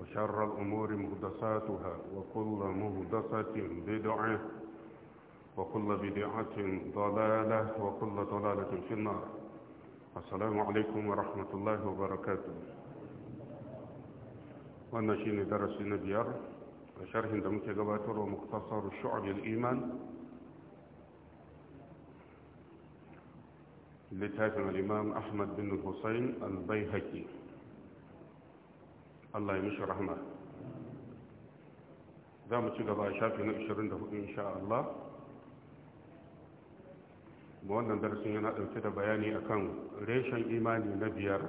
وشر الأمور مهدساتها وكل مهدسة بدعة وكل بدعة ضلالة وكل ضلالة في النار السلام عليكم ورحمة الله وبركاته ونشين درس نبيار وشرح دمتقباتر ومختصر الشعب الإيمان لتاتم الإمام أحمد بن الحسين البيهكي Allah ya mishi rahma za mu ci gaba a shafi na 24 insha Allah wannan darasin yana ɗauke da bayani akan reshen imani na biyar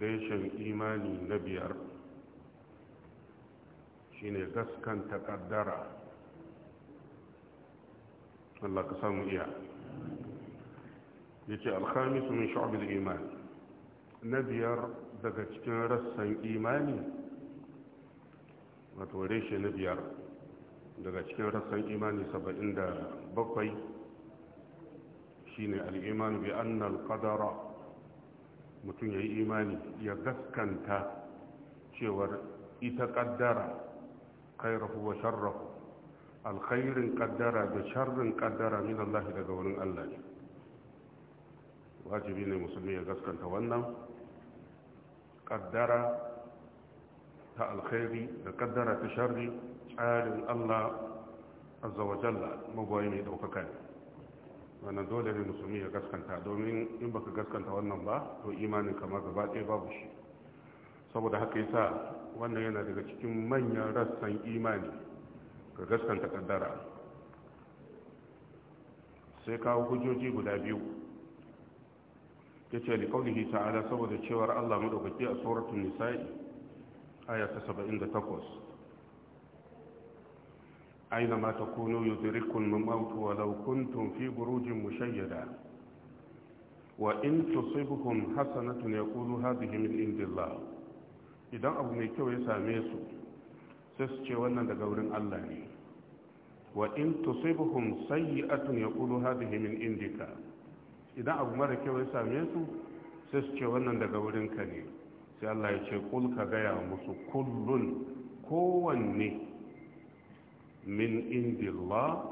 reshen imani na biyar Shi ne gaskanta kaddara Allah ka samu iya yace alhamis min shu'ab iman na biyar daga cikin rassan imani wato reshe na biyar daga cikin rassan imani saba'in da bakwai shine al'imanu bi annal qadara mutum ya yi imani ya gaskanta cewar ita kaddara khairahu wa sharrahu alkhairin kaddara da sharrin kaddara min Allah daga wurin Allah ne wajibi ne musulmi ya gaskanta wannan kaddara ta alkhairi da kaddara ta sharri tsarin Allah azza wa jalla magwayi mai ɗaukaka ne wannan dole ne musulmi ya gaskanta domin in baka gaskanta wannan ba to imanin kama gaba ɗaya babu shi saboda haka yasa wannan yana daga cikin manyan rassan imani ga gaskanta kaddara sai kawo hujjoji guda biyu ya ce da kaulihi ta'ala saboda cewar Allah maɗaukaki a tsoratun nisa'i aya ta 78 aina ma ta kuno yudrikun mamautu walau kuntum fi burujin mushayyada wa in tusibhum hasanatun yaqulu hadhihi min indillah idan abu mai kyau ya same su sai su ce wannan daga wurin Allah ne wa in tusibhum sayyi'atun yaqulu hadhihi min indika idan abu mara kyau ya same su sai su ce wannan daga wurin ka ne sai Allah ya ce kul ka gaya musu kullun kowanne min indillah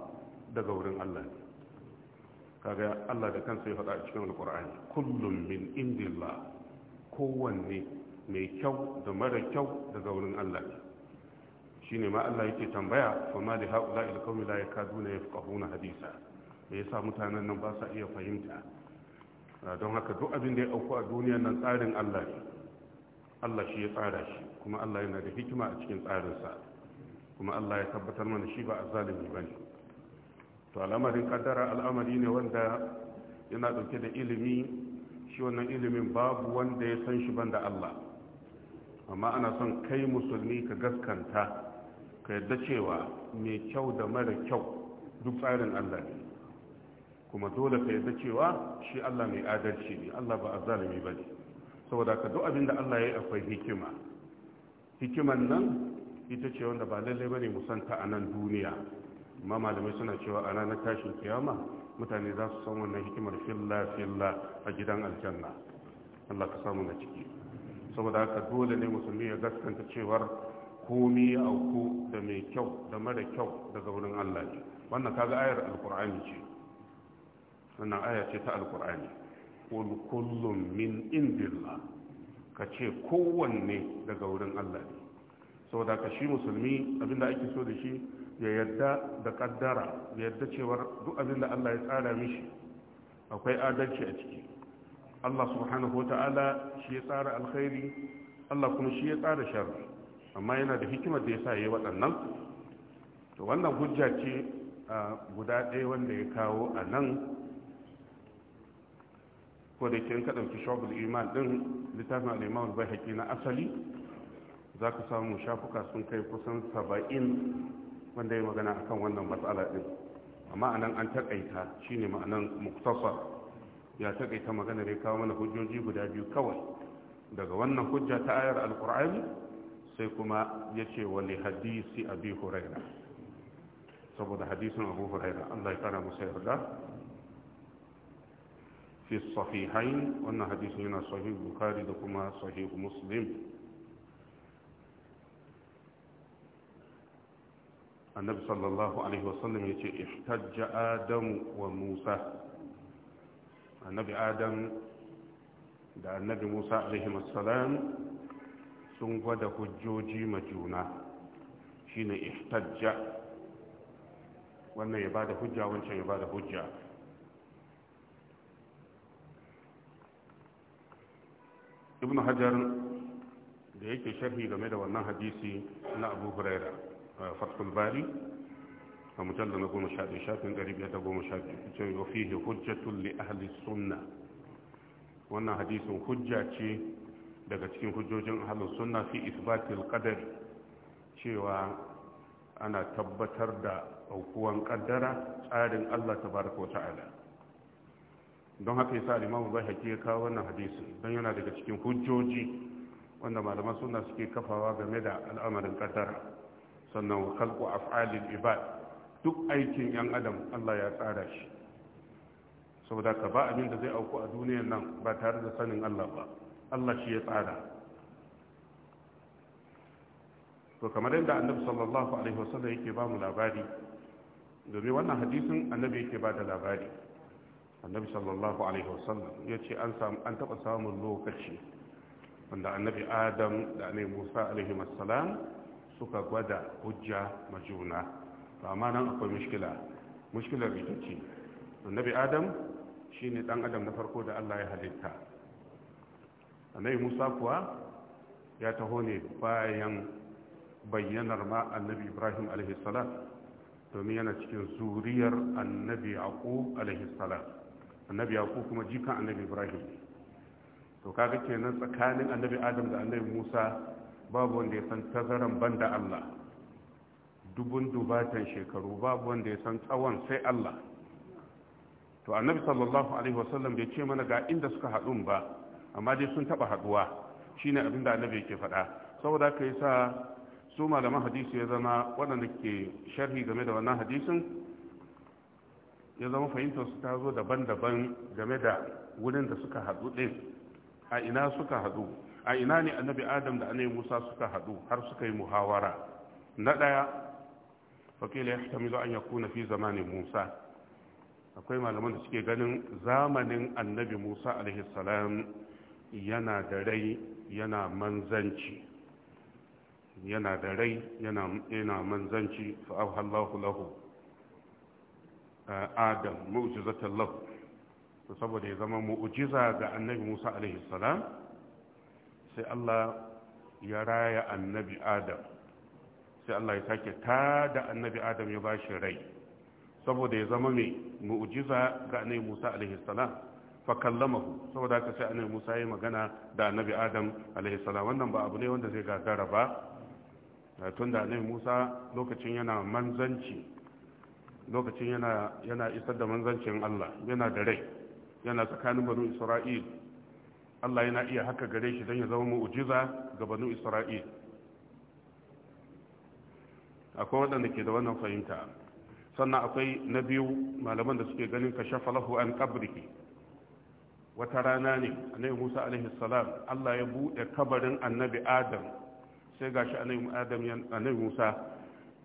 daga wurin Allah ne kaga Allah da kansa ya faɗa a cikin alƙur'ani kullum min indillah kowanne mai kyau da mara kyau daga wurin Allah ne shine ma Allah yake tambaya fa ma li haula ya qawmi la yakaduna yafqahuna hadisa da ya sa mutanen nan ba sa iya fahimta ah, don haka duk abin da ya auku a duniyar nan tsarin Allah ne Allah shi ya tsara shi kuma Allah yana da hikima a cikin tsarinsa kuma Allah ya tabbatar mana shi ba a zalimi ba ne to al'amarin kaddara al'amari ne wanda yana ɗauke da ilimi shi wannan ilimin babu wanda ya san shi banda Allah amma ana son kai musulmi ka gaskanta ka yadda cewa mai kyau da mara kyau duk tsarin Allah ne kuma dole ka yadda cewa shi Allah mai adalci ne Allah ba a zalimi ba ne saboda ka duk abin da Allah ya yi akwai hikima hikiman nan ita ce wanda ba lalle ba ne santa a nan duniya amma malamai suna cewa a ranar tashin kiyama mutane za su san wannan hikimar filla filla a gidan aljanna Allah ka samu na ciki saboda haka dole ne musulmi ya gaskanta cewar komi ya auku da mai kyau da mara kyau daga wurin Allah ne wannan kaga ayar alkur'ani ce wannan aya ce ta alkur'ani qul kullum min indillah ka ce kowanne daga wurin Allah ne saboda ka shi musulmi abinda ake so da shi ya yadda da kaddara ya yadda cewar duk abinda Allah ya tsara mishi akwai adalci a ciki Allah subhanahu wata'ala shi ya tsara alkhairi Allah kuma shi ya tsara sharri amma yana da hikimar da ya sa yayi waɗannan to wannan hujja ce guda ɗaya wanda ya kawo a nan ko da ke ka ɗauki shagul iman ɗin littafin al'imam bai na asali za ka samu shafuka sun kai kusan saba'in wanda ya magana akan wannan matsala ɗin amma anan an taƙaita shine ma'anan muktasar ya taƙaita magana ne kawo mana hujjoji guda biyu kawai daga wannan hujja ta ayar alƙur'ani sai kuma ya ce wani hadisi abi huraira saboda hadisin abu huraira allah ya kara musa yarda fi sahihain wannan hadisin yana sahih bukhari da kuma sahih muslim annabi sallallahu alaihi wasallam ya ce ihtajja adamu wa musa annabi adam da annabi musa alaihi wasallam sun gwada hujjoji ma juna shine ihtajja wannan ya bada hujja wancan ya bada hujja ibnu hajar da yake sharhi game da wannan hadisi na abu huraira bari a mujallar na goma sha shafin ɗari biyar da goma sha biyu ce wa fihi hujjatun li ahli sunna wannan hadisin hujja ce daga cikin hujjojin ahli sunna fi isbatil qadari cewa ana tabbatar da aukuwan kaddara tsarin Allah tabaraka wa ta'ala don haka yasa sa imam Bayhaqi ya kawo wannan hadisi don yana daga cikin hujjoji wanda malaman suna suke kafawa game da al'amarin kaddara sannan kalku khalqu af'alil ibad duk aikin yan adam Allah ya tsara shi saboda ka ba abin da zai auku a duniyar nan ba tare da sanin Allah ba Allah shi ya tsara to kamar yadda annabi sallallahu alaihi wasallam yake ba mu labari domin wannan hadisin annabi yake ba da labari annabi sallallahu alaihi wasallam ya ce an taɓa samun lokaci wanda annabi adam da annabi musa alaihi wasallam suka gwada hujja ma juna amma nan akwai mushkila mushkilar ita ce annabi adam shine dan adam na farko da Allah ya halitta annabi musa kuwa ya taho ne bayan bayyanar ma annabi ibrahim alaihi salam domin yana cikin zuriyar annabi aqub alaihi salam annabi yaqub kuma jikan annabi ibrahim to kaga kenan tsakanin annabi adam da annabi musa babu wanda ya san tazaran banda allah dubun dubatan shekaru babu wanda ya san tsawon sai allah to annabi sallallahu alaihi wasallam bai ce mana ga inda suka haɗu ba amma dai sun taɓa haɗuwa shine abin da annabi yake faɗa saboda haka sa su malaman hadisi ya zama waɗanda ke sharhi game da wannan hadisin ya zama fahimtar su ta zo daban-daban game da wurin da suka haɗu ɗin a ina suka haɗu a ina ne annabi adam da annabi musa suka haɗu har suka yi muhawara na ɗaya wakila ya hitamilu an ya kuna fi zamanin musa akwai malaman da suke ganin zamanin annabi musa alaihissalam yana da rai yana manzanci yana da rai yana manzanci fa'auhallahu lahu adam mu'jizatan lahu to saboda ya zama mu'jiza ga annabi Musa alaihi salam sai Allah ya raya annabi adam sai Allah ya sake ta da annabi adam ya bashi rai saboda ya zama mai mu'jiza ga annabi Musa alaihi salam fa kallamahu saboda haka sai annabi Musa ya magana da annabi adam alaihi salam wannan ba abu ne wanda zai gagara ba tunda annabi Musa lokacin yana manzanci lokacin yana yana isar da manzancin Allah yana da rai yana tsakanin banu Isra'il Allah yana iya haka gare shi don ya zama mu'jiza ga banu Isra'il akwai waɗanda ke da wannan fahimta sannan akwai na biyu malaman da suke ganin ka shafa lahu an kabriki wata rana ne annabi Musa alaihi salam Allah ya bude kabarin annabi Adam sai gashi annabi Adam annabi Musa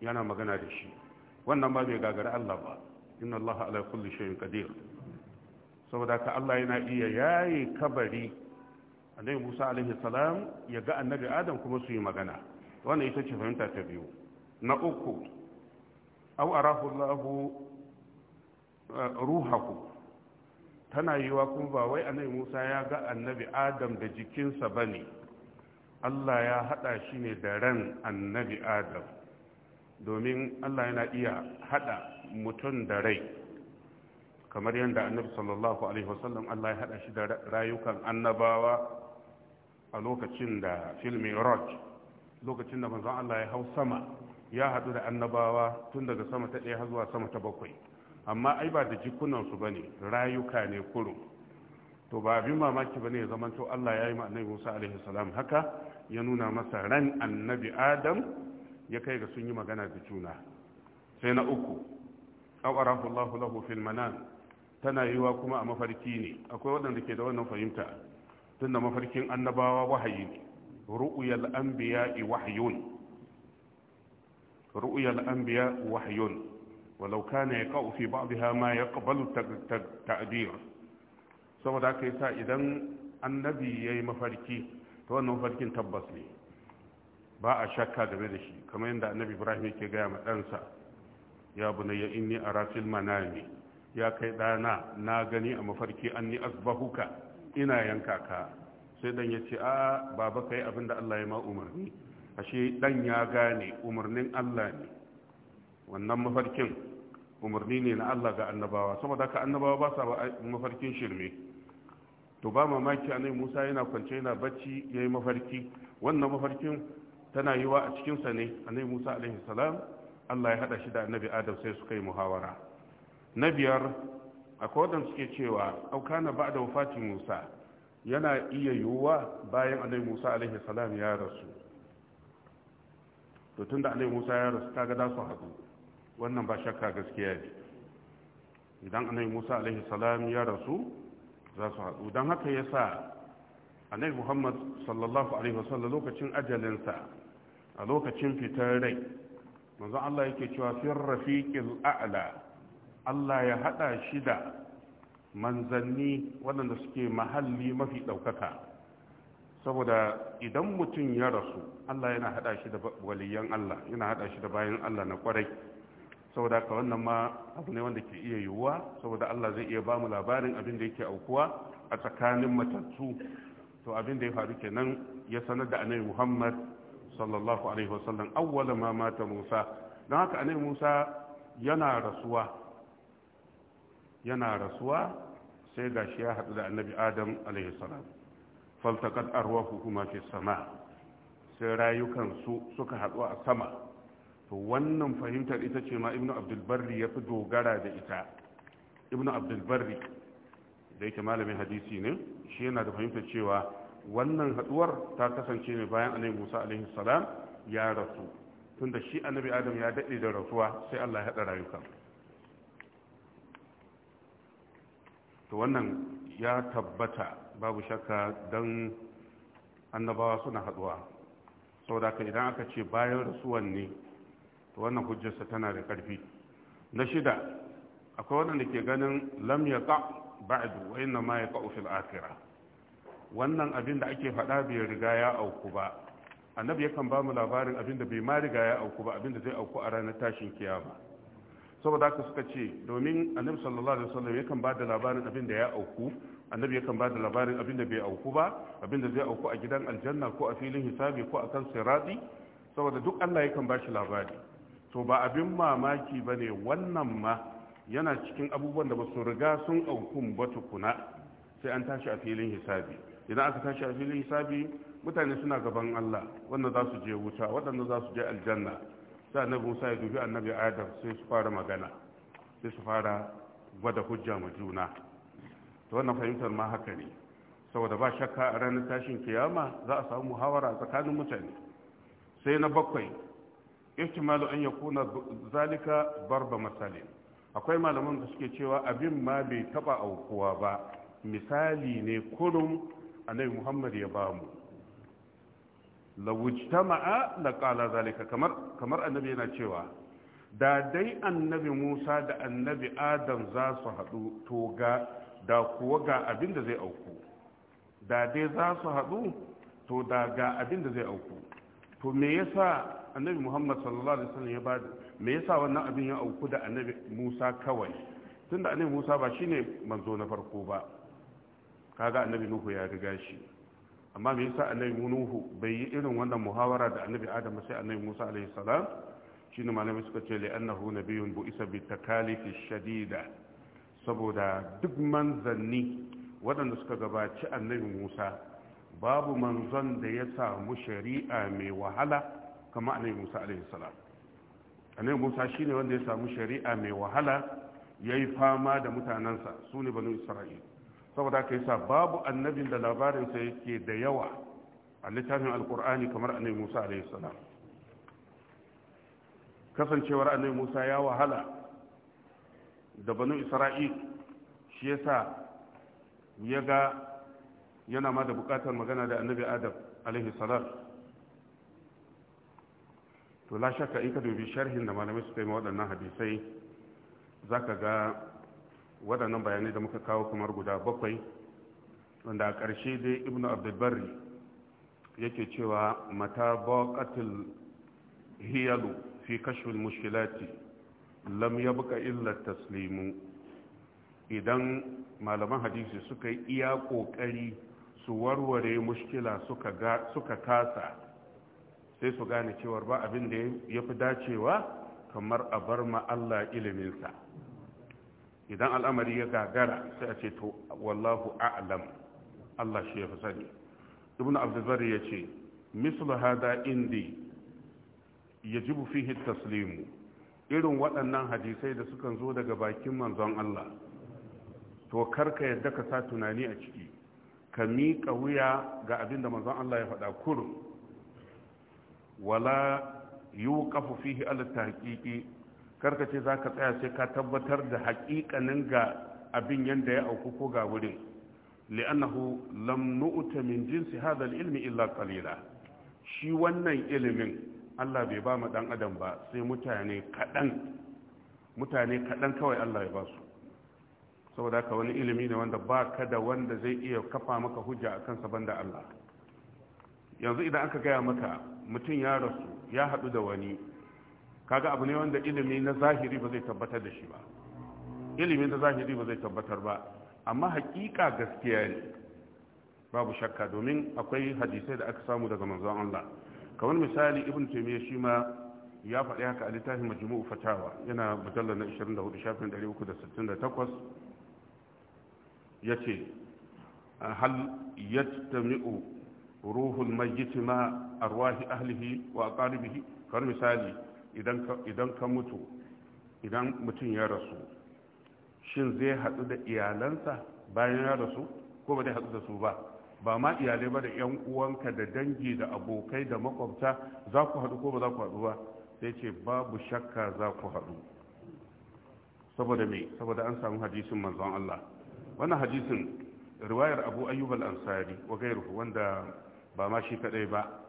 yana magana da shi wannan ba bai gagari Allah ba inna Allah ala kulli shay'in qadir saboda ka Allah yana iya yaye kabari annabi Musa alaihi salam ya ga annabi Adam kuma su yi magana wannan ita ce fahimta ta biyu na uku aw arahu Allah eh, ruhaku tana yiwa kuma ba wai annabi Musa ya ga annabi Adam da jikinsa bane Allah ya hada shi ne da ran annabi Adam domin Allah yana iya hada mutum da rai kamar yadda annabi sallallahu alaihi wasallam Allah ya hada shi da rayukan annabawa a lokacin da Filmi roj lokacin da manzon Allah ya hau sama ya hadu da annabawa tun daga sama ta ɗaya zuwa sama ta bakwai amma ai ba da jikunansu ba ne rayuka ne kuro to ba abin mamaki ba ne ya zamanto Allah ya yi ma annabi Musa alaihi salam haka ya nuna masa ran annabi Adam ya kai ga sun yi magana da juna sai na uku awarahu Allahu lahu filmanan tana yiwuwa kuma a mafarki ne akwai waɗanda ke da wannan fahimta tunda mafarkin annabawa wahayi ne ru'yal anbiya'i wahyun ru'yal anbiya wahyun walau kana yaqau fi ba'dha ma yaqbalu ta'dir saboda haka yasa idan annabi yayi mafarki to wannan mafarkin tabbas ne ba a shakka game da shi kamar yadda annabi ibrahim yake gaya ma ɗansa ya bunayya inni a rafin manami ya kai ɗana na gani a mafarki an ni asbahuka ina yanka ka sai dan ya ce a baba kai abin da Allah ya ma umarni ashe dan ya gane umarnin Allah ne wannan mafarkin umarni ne na Allah ga annabawa saboda ka annabawa ba sa mafarkin shirme to ba mamaki nai Musa yana kwance yana bacci yi mafarki wannan mafarkin tana yiwa a cikinsa ne annabi musa alaihi salam allah ya hada shi da annabi adam sai suka yi muhawara na biyar akwai wadanda suke cewa aukana ba da wafati musa yana iya yiwuwa bayan annabi musa alaihi salam ya rasu to tunda annabi musa ya rasu kaga da su haɗu wannan ba shakka gaskiya ne idan annabi musa alaihi salam ya rasu za su haɗu don haka ya sa annabi muhammad sallallahu alaihi wasallam lokacin ajalinsa a lokacin fitar rai manzo Allah yake cewa fir rafiqil a'la Allah ya hada shi da manzanni waɗanda suke mahalli mafi ɗaukaka saboda idan mutum ya rasu Allah yana hada shi da waliyan Allah yana hada shi da bayan Allah na kwarai saboda ka wannan ma abu ne wanda ke iya yiwuwa saboda Allah zai iya ba mu labarin abin da yake aukuwa a tsakanin matattu to abin da ya faru kenan ya sanar da annabi Muhammad sallallahu alaihi wasallam awwala ma mata Musa don haka annabi Musa yana rasuwa yana rasuwa sai gashi ya haɗu da annabi Adam alaihi salam faltaqat arwahuhuma fi sama sai rayukan su suka haɗu a sama to wannan fahimtar ita ce ma ibnu abdul barri ya fi dogara da ita ibnu abdul barri da yake malamin hadisi ne shi yana da fahimtar cewa wannan haduwar ta kasance ne bayan annabi Musa alaihi salam ya rasu tunda shi annabi Adam ya dade da rasuwa sai Allah ya hada rayuka to wannan ya tabbata babu shakka dan annabawa suna haduwa saboda ka idan aka ce bayan rasuwan ne to wannan hujjarsa tana da karfi na shida akwai wanda ke ganin lam yaqa ba'du wa inna ma yaqa fil akhirah wannan abin da ake faɗa bai riga ya auku ba annabi yakan ba mu labarin abin da bai ma riga ya auku ba abin da zai auku a ranar tashin kiyama saboda haka suka ce domin annabi sallallahu alaihi wasallam yakan ba da labarin abin da ya auku annabi yakan ba da labarin abin da bai auku ba abin da zai auku a gidan aljanna ko a filin hisabi ko a kan sirati saboda duk Allah yakan ba shi labari to ba abin mamaki bane wannan ma yana cikin abubuwan da ba su riga sun auku ba tukuna sai an tashi a filin hisabi idan aka tashi a filin hisabi mutane suna gaban Allah wanda za su je wuta waɗanda za su je aljanna sai annabi Musa ya dubi annabi Adam sai su fara magana sai su fara gwada hujja ma juna Ta wannan fahimtar ma haka ne saboda ba shakka a ranar tashin kiyama za a samu muhawara tsakanin mutane sai na bakwai ihtimalu an yakuna zalika barba masalin akwai malaman da suke cewa abin ma bai taba aukuwa ba misali ne kurum annabi muhammad ya bamu la qala zalika kamar kamar annabi yana cewa da dai annabi Musa da annabi Adam za su haɗu to ga da kuwa ga abin da zai auku da dai za su haɗu to da ga abin da zai auku to me yasa annabi Muhammad sallallahu alaihi wasallam ya ba me yasa wannan abin ya auku da annabi Musa kawai tunda annabi Musa ba shine manzo na farko ba kaga annabi nuhu ya riga shi amma me yasa annabi nuhu bai yi irin wannan muhawara da annabi adam sai annabi musa alaihi salam shine malami suka ce li annahu nabiyyun bu isa bi takalifi shadida saboda duk manzanni waɗanda suka gabaci annabi musa babu manzon da ya samu shari'a mai wahala kama annabi musa alaihi salam annabi musa shine wanda ya samu shari'a mai wahala yayi fama da mutanansa su ne banu isra'ila saboda ka sa babu annabin da labarinsa yake da yawa a littafin alkur'ani kamar annabi musa alayhi salam kasancewar annabi musa ya wahala da banu isra'il shi yasa ya ga yana ma da bukatar magana da annabi adam alayhi salam to la shakka in ka dubi sharhin da malamai suka yi waɗannan hadisai za ka ga waɗannan bayanai da muka kawo kamar guda bakwai wanda a ƙarshe dai ibnu abdulbari yake cewa mata baƙatul hiyalu fi kashfin mushkilati lam ya buga illar taslimu idan malaman hadisi suka yi iya ƙoƙari su warware mushkila suka kasa sai su gane cewar ba abin da ya fi dacewa kamar a bar ma Allah iliminsa idan al'amari ya gagara sai a ce to wallahu a'lam Allah shi ya fi sani ibnu abdulbar ya ce mislu hada indi yajibu fihi taslimu irin waɗannan hadisai da sukan zo daga bakin manzon Allah to karka yadda ka sa tunani a ciki ka miƙa wuya ga abin da manzon Allah ya faɗa kurum wala yuqafu fihi ta tahqiqi karka ce za ka tsaya sai ka tabbatar da haƙiƙanin ga abin yadda ya auku ko ga wurin li'annahu lam nu'ta min jinsi hadha ilmi illa qalila shi wannan ilimin Allah bai ba mu dan adam ba sai mutane kaɗan mutane kaɗan kawai Allah ya ba su saboda haka wani ilimi ne wanda ba ka da wanda zai iya kafa maka hujja a kansa banda Allah yanzu idan aka gaya maka mutum ya rasu ya haɗu da wani kaga abu ne wanda ilimi na zahiri ba zai tabbatar da shi ba ilimi na zahiri ba zai tabbatar ba amma hakika gaskiya ne babu shakka domin akwai hadisai da aka samu daga manzon Allah kamar misali ibn taymiya shi ma ya faɗi haka a littafin majmu'u fatawa yana mujallal na 24 shafin 368 yace hal yajtami'u ruhul mayyit ma arwahi ahlihi wa aqaribihi kamar misali idan ka mutu idan mutum ya rasu shin zai haɗu da iyalansa bayan ya rasu ko ba zai haɗu da su ba ba ma iyalai ba da 'yan uwanka da dangi da abokai da makwabta za ku haɗu ko ba za ku haɗu ba sai ce babu shakka za ku haɗu saboda me saboda an samu hadisin manzon Allah wannan hadisin riwayar Abu Ayyub al-Ansari wa gairuhu wanda ba ma shi kadai ba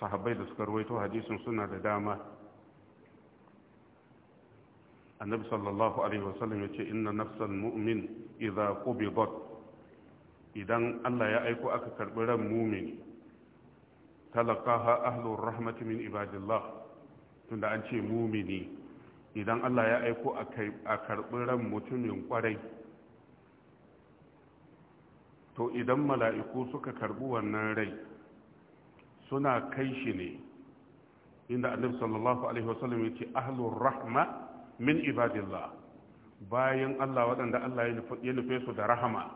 sahabbai da suka ruwaito hadisin suna da dama annabi sallallahu alaihi wasallam ya ce inna nafsan mu'min idza qubidat idan Allah ya aiko aka karbi ran mumini talaqaha ahlu rahmati min ibadillah tunda an ce mumini idan Allah ya aiko a karbi ran mutumin kwarai to idan mala'iku suka karbi wannan rai suna kai shi ne inda annabi sallallahu alaihi wasallam ya ahlur rahma min ibadillah bayan Allah waɗanda Allah ya nufe su da rahama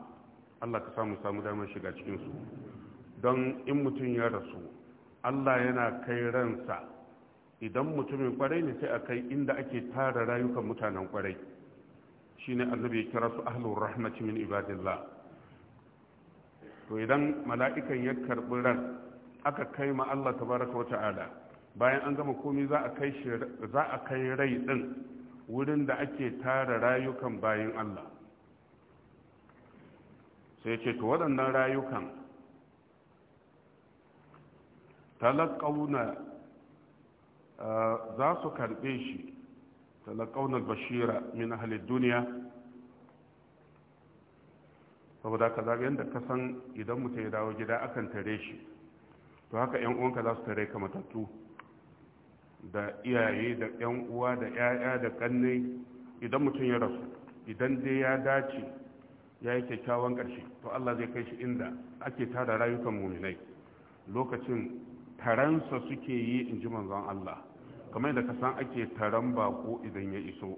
Allah ka samu samu damar shiga cikin su don in mutum ya rasu Allah yana kai ransa idan mutumin kwarai ne sai a kai inda ake tara rayukan mutanen kwarai shine annabi ya kira su ahlur rahmati min ibadillah to idan mala'ikan ya karbi ran aka kai ma Allah ta baraka wa ta'ala bayan an gama komai za a kai rai din wurin da ake tara rayukan bayan Allah sai ce to waɗannan rayukan talaqauna za su karɓe shi talaqauna bashira min ahli duniya saboda ka zaga yadda ka san idan mutum ya dawo gida akan tare shi to haka yan uwanka za su tare ka matattu da iyaye da yan uwa da yaya da kanne idan mutum ya rasu idan dai ya dace ya yi kyakkyawan ƙarshe to Allah zai kai shi inda ake tara rayukan muminai lokacin taransa suke yi in ji manzon Allah kamar da ka san ake taran bako idan ya iso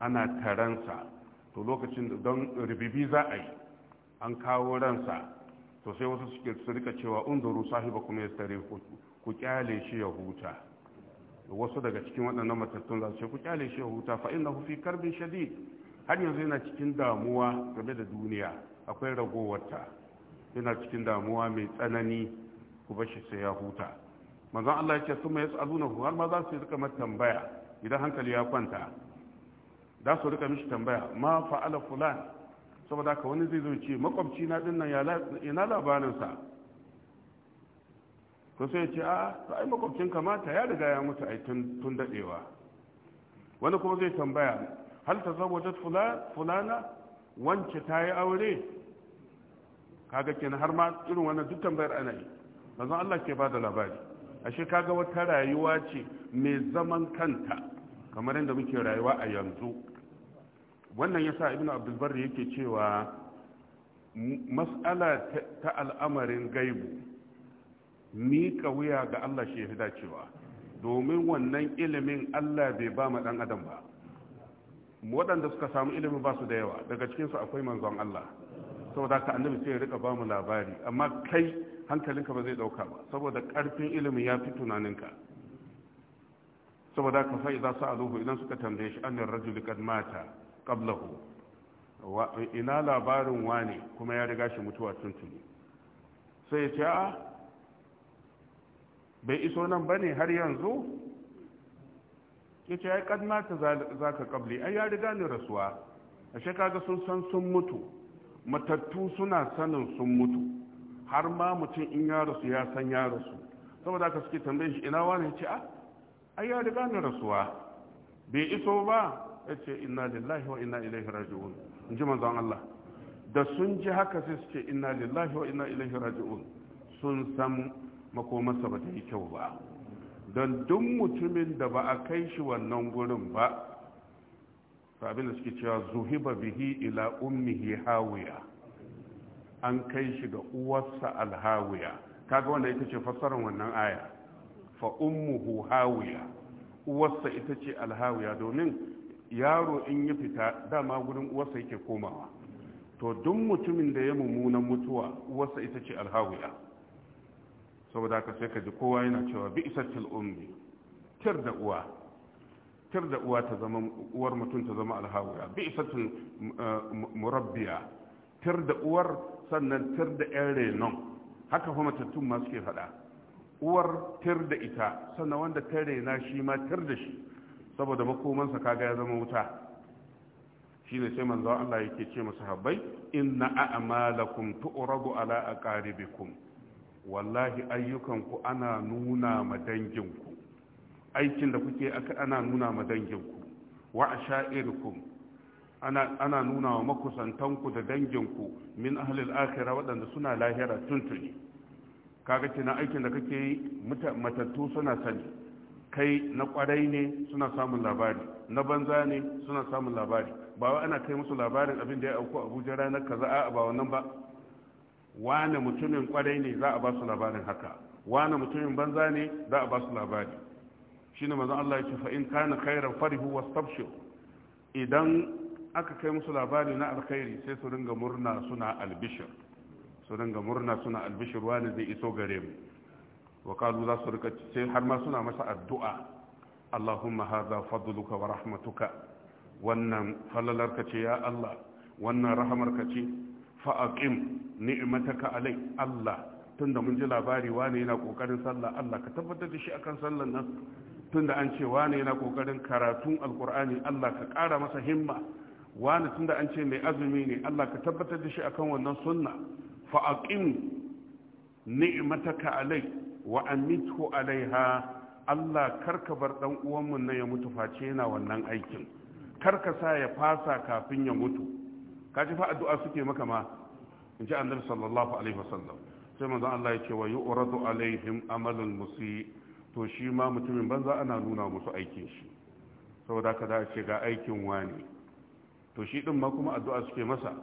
ana taransa to lokacin don ribibi za a yi an kawo ransa to sai wasu suke su rika cewa unzuru sahiba kuma ya tare ku kyale shi ya huta wasu daga cikin waɗannan matattun za su ce ku kyale shi ya huta fa innahu fi karbin shadid har yanzu yana cikin damuwa game da duniya akwai ta yana cikin damuwa mai tsanani ku bar shi sai ya huta manzon Allah ya ce kuma har ma za su rika mata tambaya idan hankali ya kwanta za su rika mishi tambaya ma fa'ala fulan saboda ka wani zai zo ce makwabci na din nan ina labarinsa to sai ya ce a to ai makwabcin kamata ya riga ya mutu ai tun dadewa wani kuma zai tambaya hal ta zawajat fulana wance ta yi aure kaga kenan har ma irin wannan duk tambayar ana yi zan Allah ke bada labari ashe kaga wata rayuwa ce mai zaman kanta kamar yadda muke rayuwa a yanzu wannan ya sa ibn abdulbar yake cewa mas'ala ta al'amarin gaibu miƙa wuya ga allah shi ya fi dacewa domin wannan ilimin allah bai ba ma ɗan adam ba waɗanda suka samu ilimin ba su da yawa daga cikinsu akwai manzon allah saboda ka annabi sai ya rika ba mu labari amma kai hankalinka ba zai ɗauka ba saboda ƙarfin ilimin ya fi tunaninka saboda ka fa'i za su aluhu idan suka tambaye shi annin rajuli kad mata qablahu ina labarin wane kuma ya riga shi mutuwa tuntuni sai ya ce a bai iso nan ba ne har yanzu ya ce ya kadma ta za ka kabli ai ya riga ni rasuwa a shekaga sun san sun mutu matattu suna sanin sun mutu har ma mutum in ya rasu ya san ya rasu saboda ka suke tambayin shi ina wani ce a ai ya riga ni rasuwa bai iso ba ya ce inna lillahi wa inna ilaihi raji'un in ji manzon Allah da sun ji haka sai su ce inna lillahi wa inna ilaihi raji'un sun san makomarsa ba ta yi kyau ba don duk mutumin da ba a kai shi wannan gurin ba abin da suke cewa zuhiba bihi ila ummihi hawiya an kai shi ga uwarsa alhawiya kaga wanda ita ce fassarar wannan aya fa ummuhu hawiya uwarsa ita ce alhawiya domin yaro in ya fita dama gurin uwarsa yake komawa to duk mutumin da ya mummunan mutuwa uwarsa ita ce alhawiya saboda ka sai ka ji kowa yana cewa bi isa ummi tir da uwa tir da uwa ta zama uwar mutum ta zama alhawiya bi isatil eh, murabbiya tir da uwar sannan tir da yan renon haka kuma tattun ma suke faɗa uwar tir da ita sannan wanda ta rena shi ma tir da shi saboda makomansa kaga ya zama wuta shine sai manzo Allah yake ce masa habbai inna a'malakum tu'radu ala aqaribikum wallahi ayyukanku ana nuna ma danginku aikin da kuke ana nuna ma danginku wa asha'irukum ana ana nuna wa makusantanku da danginku min ahlil akhirah waɗanda suna lahira tuntuni kaga kina aikin da kake yi matattu suna sani kai na kwarai ne suna samun labari na banza ne suna samun labari ba wa ana kai musu labarin abin da ya auku abuja ranar kaza a ba wannan ba wane mutumin kwarai ne za a ba su labarin haka wane mutumin banza ne za a ba su labari shine manzon Allah ya ce fa in kana khairan farihu idan aka kai musu labari na alkhairi sai su ringa murna suna albishir su ringa murna suna albishir wani zai iso gare mu wa kalu za su rika sai har ma suna masa addu'a Allahumma hadha fadluka wa rahmatuka wannan falalarka ce ya Allah wannan rahamarka ce fa'aqim ni'mataka Allah tunda mun ji labari wane yana kokarin sallah Allah ka tabbatar da shi akan sallan nan tunda an ce wane yana kokarin karatun alqur'ani Allah ka ƙara masa himma wani tunda an ce mai azumi ne Allah ka tabbatar da shi akan wannan sunna fa'aqim ni'mataka alai wa amithu alaiha Allah karka bar dan uwanmu nan ya mutu face yana wannan aikin karka sa ya fasa kafin ya mutu kaji fa addu'a suke maka ma in inji annabi sallallahu alaihi wasallam sai manzo Allah ya ce wa yu'radu alaihim amalul musi to shi ma mutumin banza ana nuna musu aikin shi saboda ka da ce ga aikin wani to shi din ma kuma addu'a suke masa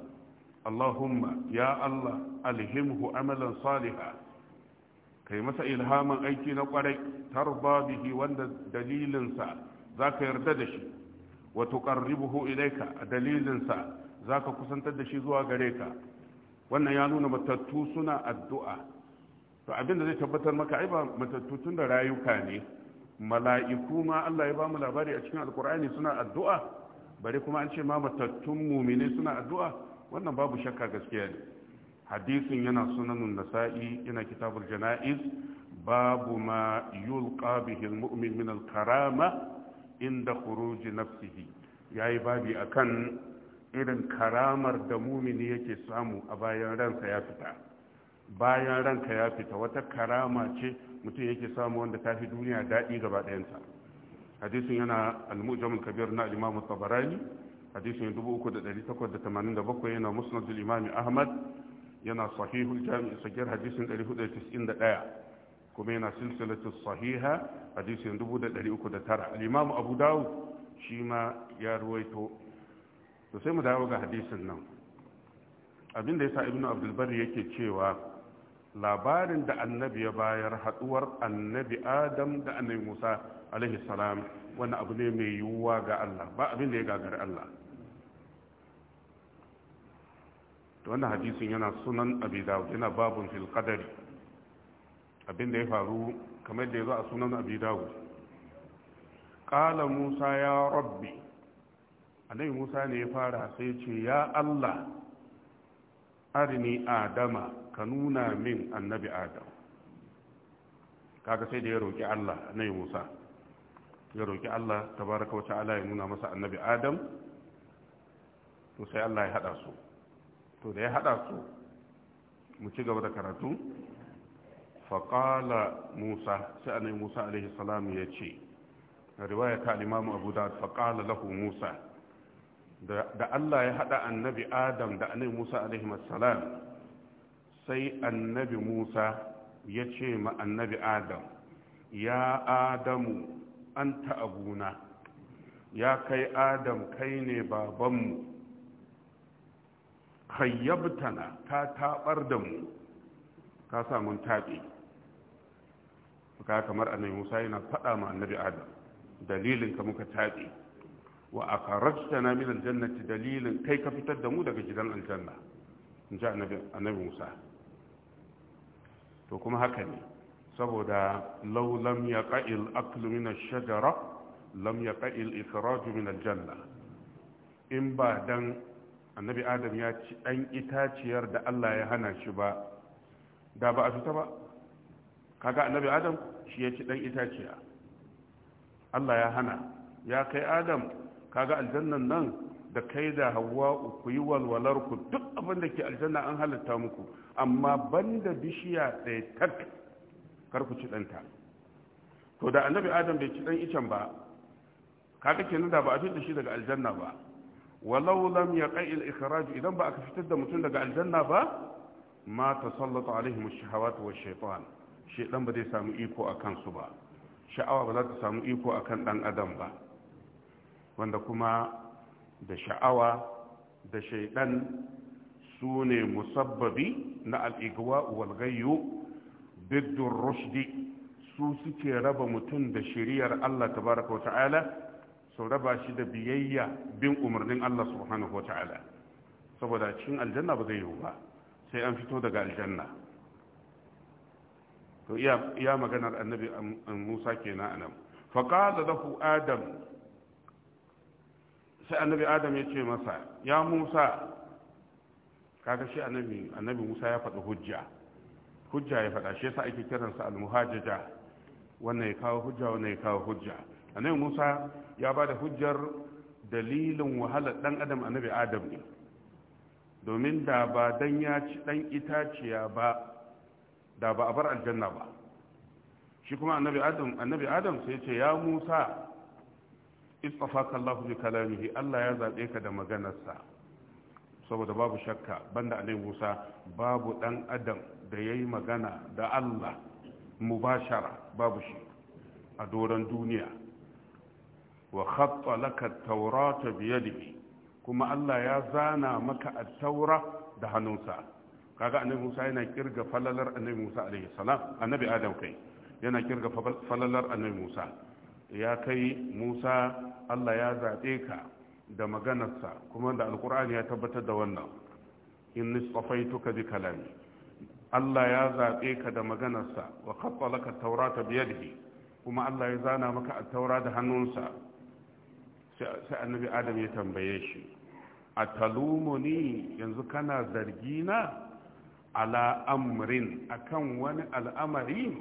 Allahumma ya Allah alhimhu amalan salihah kai masa ilhamin aiki na kwarai tarba bihi wanda dalilinsa za ka yarda da shi wa tuqarribuhu ilayka dalilinsa za ka kusantar da shi zuwa gare ka wannan ya nuna matattu suna addu'a to abin da zai tabbatar maka ai ba matattu tun da rayuka ne mala'iku ma Allah ya ba mu labari a cikin alkur'ani suna addu'a bare kuma an ce ma matattun mumini suna addu'a wannan babu shakka gaskiya ne hadisin yana sunanun nasa'i yana kitabar jana'iz babu ma karama bihi almu'min min alkarama inda khuruji nafsihi yayi babi kan irin karamar da mumini yake samu a bayan ranka ya fita bayan ranka ya fita wata karama ce mutum yake samu wanda ta fi duniya daɗi gaba ɗayansa hadisin yana al-mujamul na imamu tabarani hadisin 3887 yana musnadul imami ahmad yana sahihul jami'i sakir hadisin 491 kuma yana silsilatu sahiha hadisin 1309 al-imam abu dawud shi ma ya ruwaito to sai mu dawo ga hadisin nan abinda yasa ibnu abdul bari yake cewa labarin da annabi ya bayar haduwar annabi adam da annabi musa alaihi salam wani abu ne mai yiwuwa ga Allah ba abin da ya gagari Allah to wannan hadisin yana sunan abi dawud yana babun fil qadari abinda ya faru kamar da yazo a sunan abi dawud qala musa ya rabbi annabi musa ne ya fara sai ce ya allah arini adama ka nuna min annabi adam kaga sai da ya roki allah annabi musa ya roki allah tabaraka wa ta'ala ya nuna masa annabi adam to sai allah ya hada su to da ya hada su mu ci gaba da karatu faƙala musa sai annabi musa alaihi salam ya ce riwaya ta limamu abu da faƙala lahu musa da allah ya hada annabi adam da annabi musa alaihi salam sai annabi musa ya ce ma annabi adam ya adamu an ta'abuna ya kai adam kai ne babanmu hayyabtana ka tabar da mu ka sa mun taɓe ka kamar annabi musa yana faɗa ma annabi adam dalilin ka muka taɓe wa akharajtana min aljannati dalilin kai ka fitar da mu daga gidan aljanna in ji annabi musa to kuma haka ne saboda law lam yaqa'il aklu min ash-shajara lam yaqa'il ikhraju min aljanna in ba dan annabi adam ya ci ɗan itaciyar da allah ya hana shi ba da ba a fita ba kaga annabi adam shi ya ci ɗan itaciya allah ya hana ya kai adam kaga aljannan nan da kai da hawa ku yi walwalar ku duk abin da ke aljanna an halatta muku amma banda bishiya ɗaya tak kar ku ci ɗanta to da annabi adam bai ci ɗan icen ba kaga kenan da ba a fita shi daga aljanna ba walau lam yaqi al-ikhraj idan ba aka fitar da mutum daga aljanna ba ma tasallatu alaihim ash-shahawat wa shaytan shaytan ba zai samu iko akan su ba sha'awa ba za ta samu iko akan ɗan adam ba wanda kuma da sha'awa da shaidan sune musabbabi na al'igwa walgayu biddun rushdi su suke raba mutum da shiriyar Allah tabaraka wata'ala su raba shi da biyayya bin umarnin Allah subhanahu wata'ala saboda cikin aljanna ba zai yiwu ba sai an fito daga aljanna to iya maganar annabi Musa kenan anan faqala lahu adam sai annabi adam ya ce masa ya Musa kaga shi annabi annabi Musa ya faɗi hujja hujja ya faɗa shi ya sa ake kiransa al wannan ya kawo hujja wannan ya kawo hujja annabi musa ya ba da hujjar dalilin wahalar dan adam annabi adam ne domin da ba dan ya ci dan itaciya ba da ba a bar aljanna ba shi kuma annabi adam annabi adam sai ce ya musa istafaka allah bi kalamihi allah ya zabe ka da maganarsa saboda babu shakka banda annabi musa babu dan adam da yayi magana da allah mubashara babu shi a doron duniya wa khatta laka taurata biyadihi kuma Allah ya zana maka at-taura da hannunsa kaga annabi Musa yana kirga falalar annabi Musa alaihi salam annabi Adam kai yana kirga falalar annabi Musa ya kai Musa Allah ya zaɓe ka da maganarsa kuma da alkur'ani ya tabbatar da wannan in nisfafaituka bi kalami Allah ya zaɓe ka da maganarsa wa khatta laka taurata biyadihi kuma Allah ya zana maka at-taura da hannunsa sai annabi adam ya tambaye shi a talumuni yanzu kana zargi na? ala amrin akan wani al'amari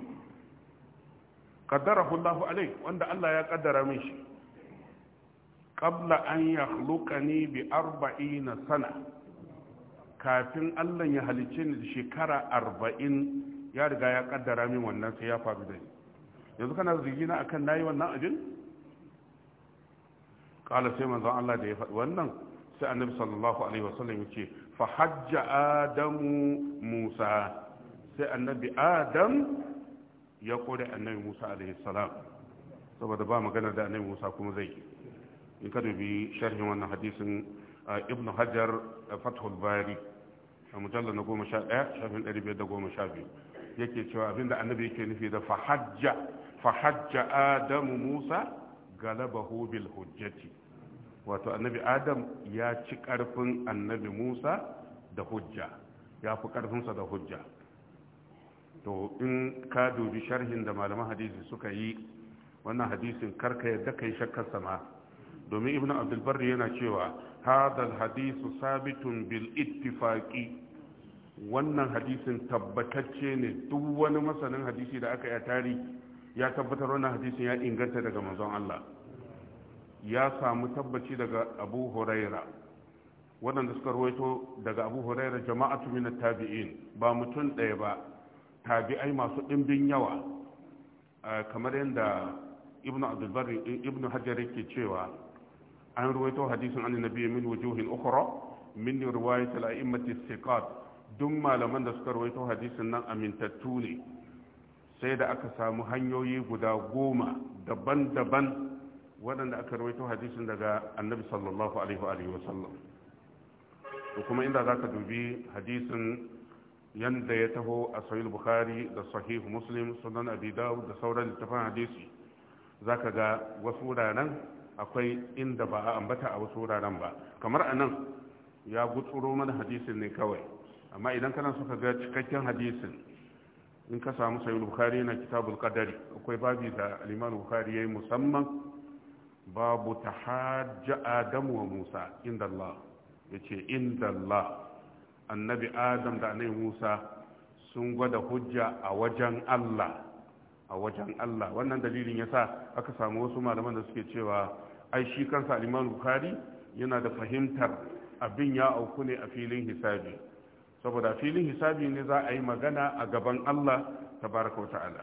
qaddarahu Allah alai wanda Allah ya kaddara min shi qabla an yakhluqani bi 40 sana kafin Allah ya halicce ni shekara 40 ya riga ya kaddara min wannan sai ya faru da ni yanzu kana zargi na akan nayi wannan ajin? kala sai manzon Allah da ya faɗi wannan sai annabi sallallahu alaihi wasallam yace fa hajja adamu musa sai annabi adam ya kore annabi musa alaihi salam saboda ba magana da annabi musa kuma zai yi in ka dubi sharhin wannan hadisin ibn hajar fathul bari a mujallar na goma sha ɗaya shafin ɗari biyar da goma sha biyu yake cewa abinda annabi yake nufi da fahajja fahajja adamu musa galabahu bil hujjati wato annabi adam ya ci karfin annabi musa da hujja ya fi karfinsa da hujja to in ka dubi sharhin da malaman hadisi suka yi wannan hadisin karka daka yi shakkar sama domin ibn abdulbarri yana cewa hadal hadisu sabitun bil ittifaqi wannan hadisin tabbatacce ne duk wani masanin hadisi da aka yi a tari ya tabbatar wannan hadisin ya inganta daga manzon Allah ya samu tabbaci daga abu huraira waɗanda suka ruwaito daga abu huraira jama'atu min tabi'in ba mutum ɗaya ba tabi'ai masu ɗimbin yawa kamar yadda ibnu abdulbar ibnu hajar yake cewa an ruwaito hadisin annabi min wujuhin ukhra min riwayat al-a'immati siqat duk malaman da suka ruwaito hadisin nan amintattu ne sai da aka samu hanyoyi guda goma daban-daban waɗanda aka rawaito hadisin daga annabi sallallahu alaihi wa sallam da kuma inda zaka dubi hadisin yadda ya taho a sahih bukhari da sahih muslim sunan abi dawud da sauran littafan hadisi zaka ga wasu wuraren akwai inda ba a ambata a wasu wuraren ba kamar a nan ya gutsuro mana hadisin ne kawai amma idan kana suka ga cikakken hadisin in ka samu sahih bukhari na kitabul qadari akwai babi da al-imam bukhari yayi musamman babu ta hajji adamu wa musa inda Allah ya ce inda Allah annabi adam da annabi musa sun gwada hujja a wajen Allah a wajen Allah wannan dalilin yasa aka samu wasu malaman da suke cewa ai shi kansa al-Imam Bukhari yana da fahimtar abin ya auku ne a filin hisabi saboda filin hisabi ne za a yi magana a gaban Allah tabaraka wa ta'ala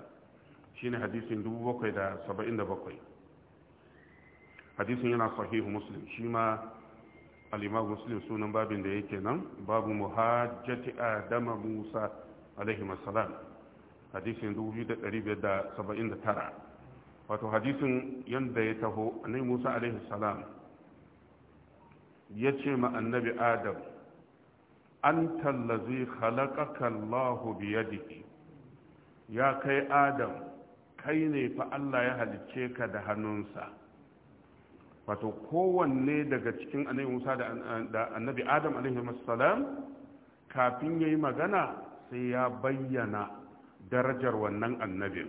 shine hadisin 777 hadisin yana sahihu muslim shi ma alimar muslim sunan babin da yake nan babu muhajjati adama musa alaihi masalam da 2579 wato hadisin yadda ya taho annabi musa alaihi salam ya ce ma annabi adam an tallazi halakaka allahu diki ya kai adam kai ne fa allah ya halicce ka da hannunsa wato kowanne daga cikin annabi musa da annabi adam alaihi salam kafin ya yi magana sai ya bayyana darajar wannan annabin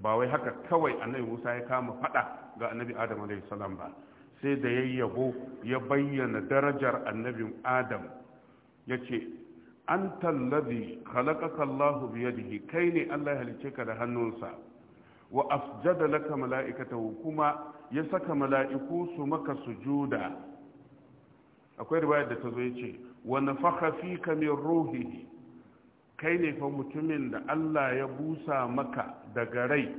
ba wai haka kawai annabi musa ya kama fada ga annabi adam alaihi salam ba sai da ya yabo ya bayyana darajar annabin adam ya ce an tallabi halakaka allahu biyadihi kai ne allah ya halice ka da hannunsa wa afjada laka mala'ikatahu kuma ya saka mala'iku su maka sujuda akwai riwayar da ta zo yace wa nafakha fika min ruhihi kai ne fa mutumin da Allah ya busa maka daga rai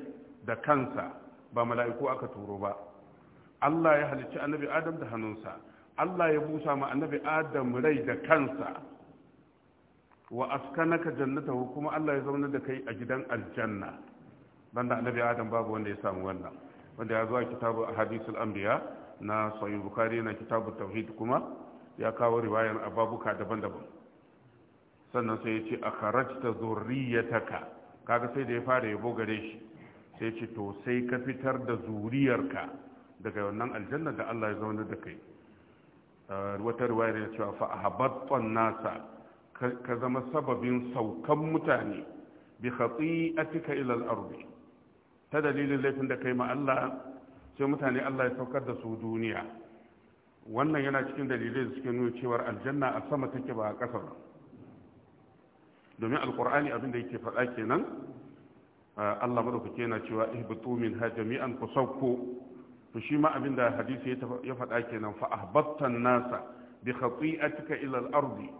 da kansa ba mala'iku aka turo ba Allah ya halicci annabi Adam da hannunsa Allah ya busa ma annabi Adam rai da kansa wa askanaka jannatahu kuma Allah ya zauna da kai a gidan aljanna da annabi adam babu wanda ya samu wannan wanda ya zo a kitabu hadisul anbiya na sahih bukhari na kitabu tauhid kuma ya kawo riwayar ababuka daban-daban sannan sai ya ce a kharajta zurriyataka kaga sai da ya fara yabo gare shi sai ya ce to sai ka fitar da zuriyarka daga wannan aljanna da Allah ya zauna da kai wata riwayar ya cewa fa ahabattan nasa ka zama sababin saukan mutane bi khati'atika ila al ardh ta dalilin laifin da kai ma Allah sai mutane Allah ya saukar da su duniya wannan yana cikin dalilai da suke nuna cewar aljanna a sama take ba a ƙasa ba domin alkur'ani abin da yake faɗa kenan Allah madaukake yana cewa ihbatu min ha jami'an ku sauko to shi ma abin da hadisi ya faɗa kenan fa ahbattan nasa bi khati'atika ila al-ardi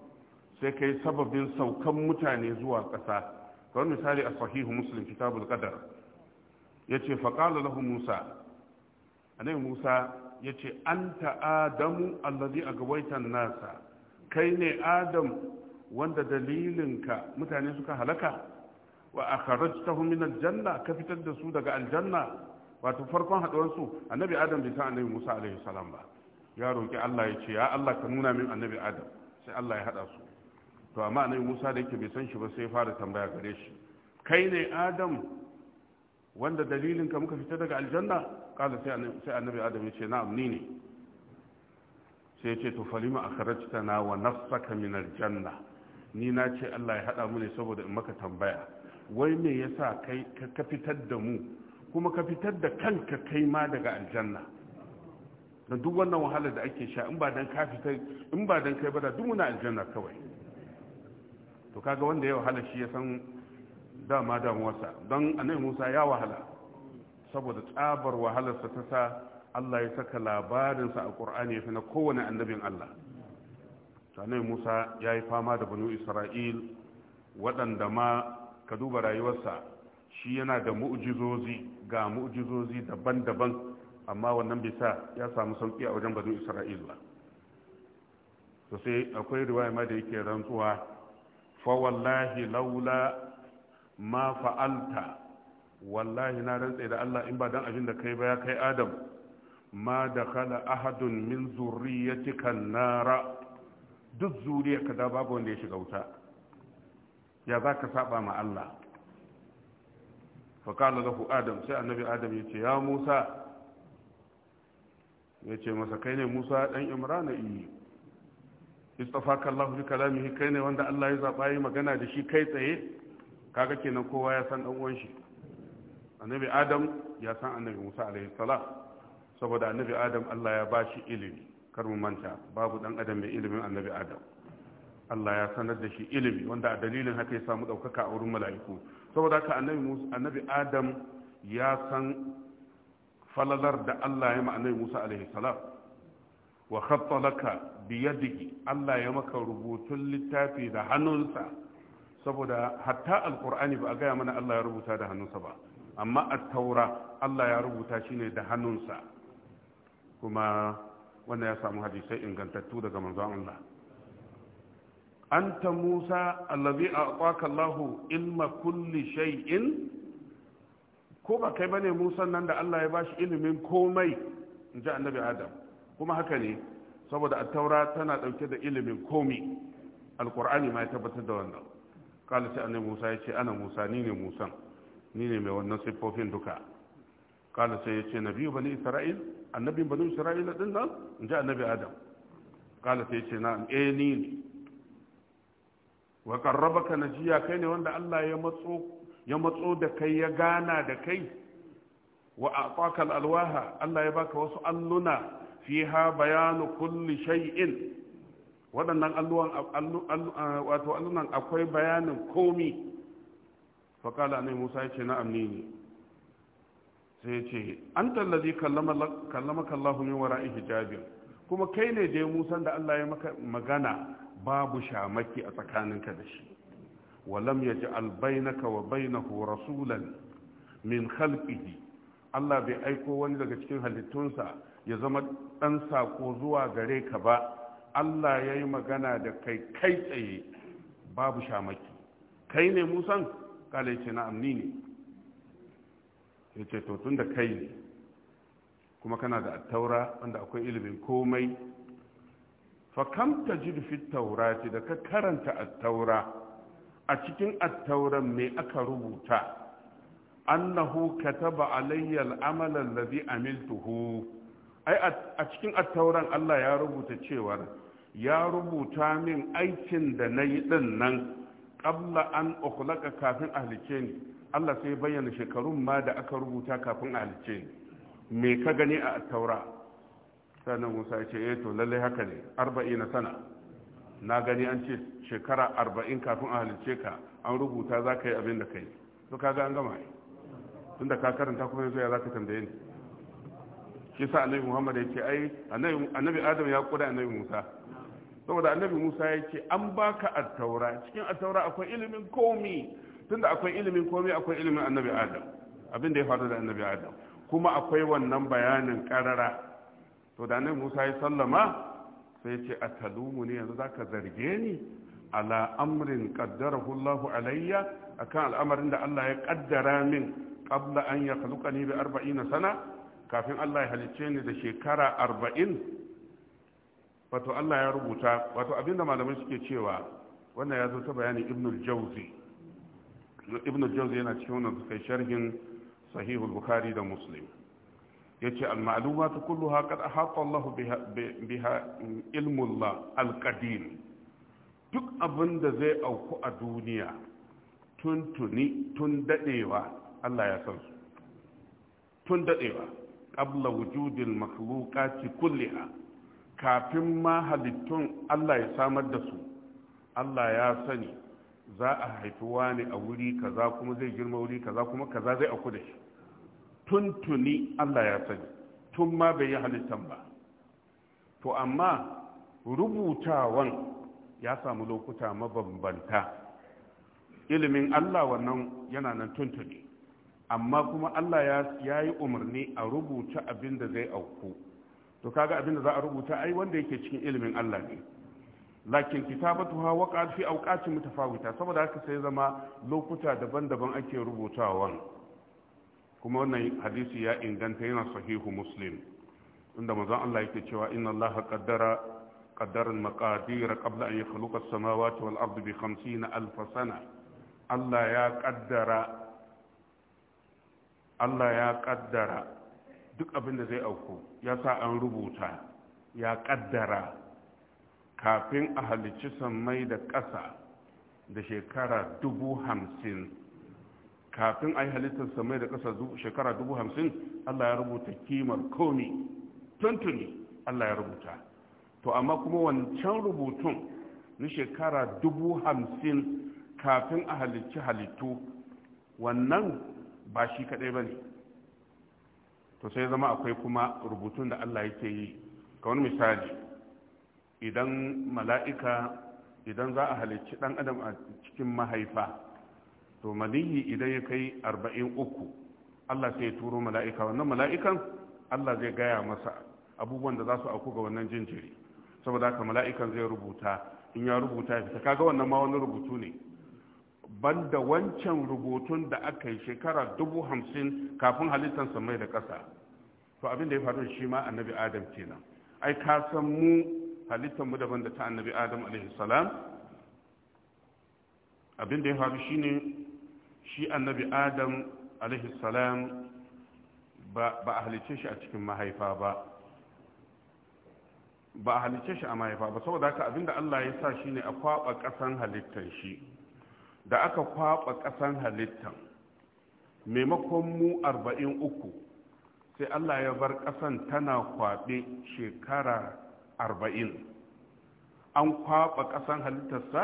sai kai sababin saukan mutane zuwa ƙasa kamar misali a sahihu muslim kitabul qadar ya ce faƙala lahu musa anai musa ya ce an ta'adamu allazi a gabaitan nasa kai ne adam wanda dalilinka mutane suka halaka wa a kharajtahu min aljanna ka fitar da su daga aljanna wato farkon su annabi adam bai san annabi musa alaihi salam ba ya roƙi allah ya ce ya allah ka nuna min annabi adam sai allah ya haɗa su to amma annabi musa da yake bai san shi ba sai ya fara tambaya gare shi kai ne adam wanda dalilin ka muka fita daga aljanna kala sai annabi adam ya ce na'am ni ne sai ya ce to falima na wa nafsaka min aljanna ni na ce Allah ya hada mu ne saboda in maka tambaya wai me yasa kai ka fitar da mu kuma ka fitar da kanka kai ma daga aljanna da duk wannan wahalar da ake sha in ba dan ka fitar in ba dan kai ba da duk muna aljanna kawai to kaga wanda ya wahala shi ya san dama damuwarsa don annabi musa ya wahala saboda tsabar wahalarsa ta sa allah ya saka labarinsa a ƙur'ani ya fi na kowane annabin allah annabi musa ya yi fama da banu isra'il waɗanda ma ka duba rayuwarsa shi yana da mu'jizozi ga mu'jizozi daban-daban amma wannan bisa ya samu sauƙi a wajen banu isra'il ba sosai akwai riwaya ma da yake rantsuwa fa wallahi laula ma fa'alta wallahi na rantsa da Allah in ba don abin da kai ba ya kai Adam ma dakhala ahadun min zurriyatika nara duk zuriyarka da babu wanda ya shiga wuta ya ka saba ma Allah faƙala qala Adam sai annabi Adam ya ce ya Musa Ya ce masa kai ne Musa ɗan Imran yi istafaka Allah bi kalamihi kai ne wanda Allah ya zaɓa yi magana da shi kai tsaye kaga kenan kowa ya san dan uwan shi annabi adam ya san annabi musa alaihi salam saboda annabi adam Allah ya bashi ilimi kar mu manta babu dan adam mai ilimin annabi adam Allah ya sanar da shi ilimi wanda a dalilin haka ya samu ɗaukaka a wurin mala'iku saboda haka annabi adam ya san falalar da Allah ya ma ma'anai musa alaihi salam wa khatta laka biyadihi Allah ya maka rubutun littafi da hannunsa saboda hatta alkur'ani ba a gaya mana Allah ya rubuta da hannunsa ba amma a taura Allah ya rubuta shi ne da hannunsa kuma wannan ya samu hadisai ingantattu daga manzon Allah anta Musa allazi a'taka Allah ilma kulli shay'in ko ba kai bane Musa nan da Allah ya bashi ilimin komai inji annabi Adam kuma haka ne saboda at-taura tana dauke da ilimin komai alkur'ani ma ya tabbatar da wannan kala sai annabi musa ya ce ana musa ni ne musan ni ne mai wannan siffofin duka kala sai ya ce nabi bani isra'il annabin bani isra'il din nan in ji annabi adam kala sai ya ce na eh ni ne wa qarrabaka najiya kai ne wanda Allah ya matso ya matso da kai ya gana da kai wa a'taka alwaha Allah ya baka wasu alluna fiha bayanu kulli shay'in waɗannan alluwan wato allunan akwai bayanin komi faƙala ne musa ya ce na'am ne sai ce an tallazi kallama kallahu min wara'i hijabin kuma kai ne dai musan da allah ya maka magana babu shamaki a tsakaninka da shi walam ya ji albainaka wa bainahu rasulan min khalqihi allah bai aiko wani daga cikin halittunsa ya zama ɗan saƙo zuwa gare ka ba Allah ya yi magana da kai kai tsaye babu shamaki kai ne musan kala ce na amni ne ya ce to tun da kai ne kuma kana da attaura wanda akwai ilimin komai kam ta taura taurati da ka karanta attaura a cikin attauran mai aka rubuta annahu kataba alayya al'amala alladhi amiltuhu ai a cikin attauran Allah ya rubuta cewar ya rubuta min aikin da na yi ɗin nan ƙabla an ukhlaka kafin a halicce ni Allah sai bayyana shekarun ma da aka rubuta kafin a halicce ni me ka gani a taura sannan Musa ya ce eh to lalle haka ne na sana na gani an ce shekara arba'in kafin a halicce ka an rubuta za ka yi abin da ka yi to kaga an gama da ka karanta kuma yanzu ya za ka tambaye ni shi sa annabi Muhammad ya ce ai annabi Adam ya kuda annabi Musa saboda annabi musa ya ce an baka attaura cikin attaura akwai ilimin komi tunda akwai ilimin komi akwai ilimin annabi adam abin da ya faru da annabi adam kuma akwai wannan bayanin karara to da annabi musa ya sallama sai ce a talumu ne yanzu zaka zarge ni ala amrin qaddarahu Allahu alayya akan al'amarin da Allah ya kaddara min qabla an yakhluqani bi 40 sana kafin Allah ya halicce ni da shekara arba'in. wato Allah ya rubuta wato abinda malamai suke cewa wannan ya zo ta bayanin ibn al-jawzi ibn al-jawzi yana cikin wannan sai sharhin sahih al-bukhari da muslim yace al-ma'lumatu kulluha qad ahata Allah biha biha ilmu Allah al-qadim duk abinda zai auku a duniya tun tuni tun dadewa Allah ya san su tun dadewa qabla wujudil makhluqati kulliha kafin ma halittun Allah ya samar da su Allah ya sani za a haifi wani a wuri kaza kuma zai girma wuri kaza kuma kaza zai auku da shi tun tuni Allah ya sani tun ma bai yi halittan ba to amma rubutawan ya samu lokuta mabambanta ilimin Allah wannan yana nan tuntuni amma kuma Allah ya yi umarni a rubuta abin da zai auku to kaga abin da za a rubuta ai wanda yake cikin ilimin Allah ne lakin kitabatuha waqa'at fi awqatin mutafawita saboda haka sai zama lokuta daban-daban ake rubutawan kuma wannan hadisi ya inganta yana sahihu muslim inda manzon Allah yake cewa inna Allah qaddara qaddara maqadir qabla an yakhluqa as-samawati wal ardi bi 50000 sana Allah ya kaddara Allah ya duk abin da zai auku ya sa an rubuta ya kaddara kafin a halicci sammai da ƙasa da shekara dubu hamsin kafin a yi halittar samai da ƙasa shekara dubu hamsin allah ya rubuta kimar komi tuntuni allah ya rubuta to amma kuma wancan rubutun na shekara dubu hamsin kafin a halicci halittu wannan ba shi kaɗai ba ne to sai zama akwai kuma rubutun da Allah yake yi wani misali idan mala'ika idan za a halicci ɗan adam a cikin mahaifa to malihi idan ya kai arba'in uku Allah sai ya turo mala'ika wannan mala'ikan Allah zai gaya masa abubuwan da za su auku ga wannan jinjiri saboda haka mala'ikan zai rubuta in ya rubuta ya fita kaga wannan ma wani rubutu ne banda wancan rubutun da aka yi shekara dubu hamsin kafin halittar samai da ƙasa to abin da ya faru shi ma annabi adam nan ai ka san mu halittar mu daban da ta annabi adam alaihi salam abin da ya faru ne shi annabi adam salam ba a halice shi a cikin mahaifa ba ba a halicce shi a mahaifa ba saboda haka da Allah ya sa shi ne a kwaba ƙasan halittar shi da aka kwaba ƙasan halittan maimakon mu arba'in uku sai allah ya bar kasan tana kwaɓe shekara arba'in an kwaba ƙasan halittarsa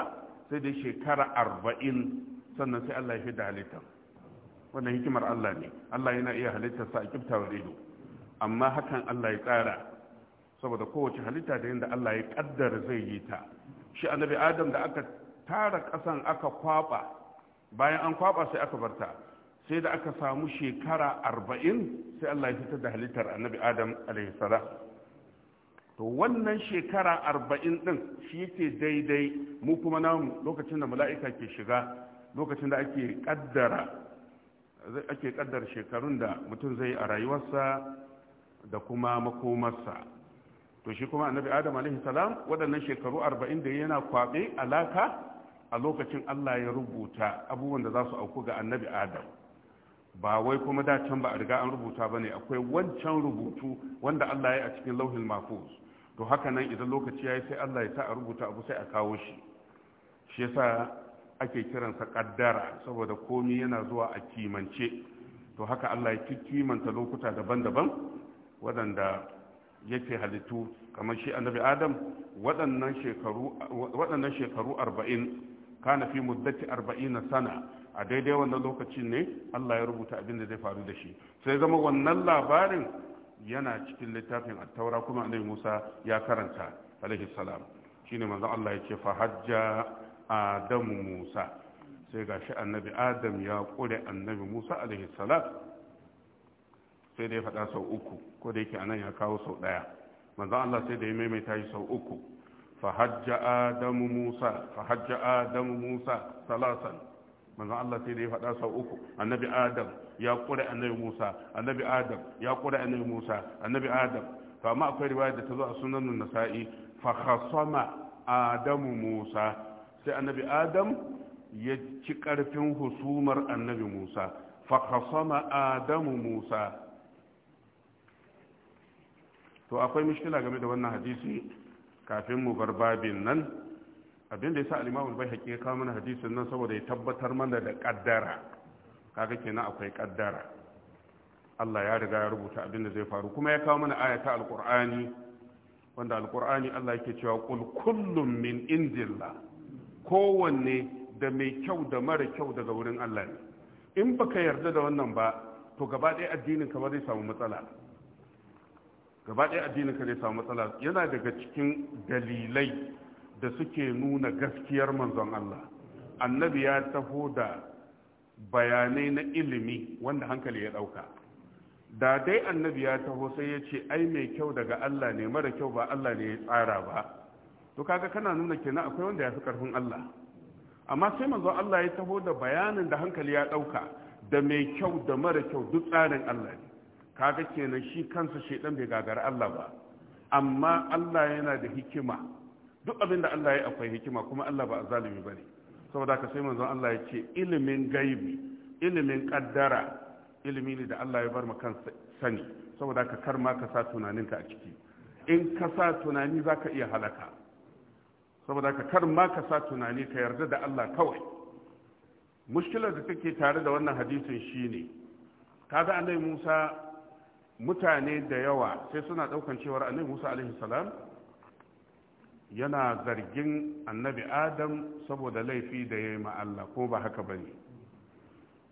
sai dai shekara arba'in sannan sai allah ya fi da halittan wannan hikimar allah ne allah yana iya halittarsa a kiftawar ido amma hakan allah ya tsara saboda kowace halitta da yadda Allah ya kaddara zai yi ta shi annabi adam da aka tara kasan aka kwaba bayan an kwaɓa sai aka barta sai da aka samu shekara arba'in sai Allah ya fitar da halittar annabi adam alaihissalam to wannan shekara arba'in din shi yake daidai mu kuma namu lokacin da mala'ika ke shiga lokacin da ake ƙaddar ake kaddar shekarun da mutum zai a rayuwarsa da kuma makomarsa to shi kuma annabi adam alaihi salam waɗannan shekaru arba'in da yana kwaɓe alaka a lokacin Allah ya rubuta abubuwan da za su auku ga annabi Adam ba wai kuma da can ba a riga an rubuta ba ne akwai wancan rubutu wanda Allah ya a cikin lauhin mafus to haka nan idan lokaci ya yi sai Allah ya sa a rubuta abu sai a kawo shi shi yasa ake kiransa kaddara saboda komi yana zuwa a kimance to haka Allah ya kimanta lokuta daban-daban waɗanda yake halittu kamar shi annabi adam waɗannan shekaru arba'in kana fi muddati 40 sana a daidai wannan lokacin ne Allah ya rubuta abin da zai faru da shi sai zama wannan labarin yana cikin littafin at-taura kuma annabi Musa ya karanta alaihi salam shine manzon Allah ya ce fa hajja adamu Musa sai gashi annabi Adam ya kure annabi Musa alaihi salam sai da ya faɗa sau uku ko da yake anan ya kawo sau ɗaya manzon Allah sai da ya maimaita shi sau uku فحج آدم موسى فحج آدم موسى ثلاثا من الله سيدي فدا سو uku annabi adam ya kure annabi musa annabi adam ya kure annabi musa annabi adam to amma akwai riwaya da ta zo a sunan nasa'i fa khasama adam musa sai annabi adam ya ci karfin husumar annabi musa fa khasama adam musa to akwai mushkila game da wannan hadisi kafin mu bar babin nan abin da yasa al-Imam al-Baihaqi ya kawo mana hadisin nan saboda ya tabbatar mana da kaddara kaga kenan akwai kaddara Allah ya riga ya rubuta abin da zai faru kuma ya kawo mana ayata al-Qur'ani wanda al-Qur'ani Allah yake cewa qul kullun min indillah kowanne da mai kyau da mara kyau daga wurin Allah ne in baka yarda da wannan ba to gaba ɗaya addinin ka zai samu matsala gaba ɗaya addinin ka ne samu matsala yana daga cikin dalilai da suke nuna gaskiyar manzon Allah annabi ya taho da bayanai na ilimi wanda hankali ya ɗauka da dai annabi ya taho sai ya ce ai mai kyau daga Allah ne mara kyau ba Allah ne ya tsara ba to kaga kana nuna kenan akwai wanda ya fi karfin Allah amma sai manzon Allah ya taho da bayanin da hankali ya ɗauka da mai kyau da mara kyau duk tsarin Allah ne kaga kenan shi kansa shaidan bai gagara Allah ba amma Allah yana da hikima duk abin da Allah ya akwai hikima kuma Allah ba zalimi bane saboda ka sai manzon Allah ya ce ilimin gaibi ilimin kaddara ilimi ne da Allah ya bar mu kansa sani saboda ka kar ma ka sa tunaninka a ciki in ka sa tunani zaka iya halaka saboda ka kar ma ka sa tunani ka yarda da Allah kawai mushkilar da take tare da wannan hadisin shine kaga annabi Musa mutane da yawa sai suna ɗaukan cewar annabi musa salam yana zargin annabi adam saboda laifi da ya yi Allah ko ba haka ba ne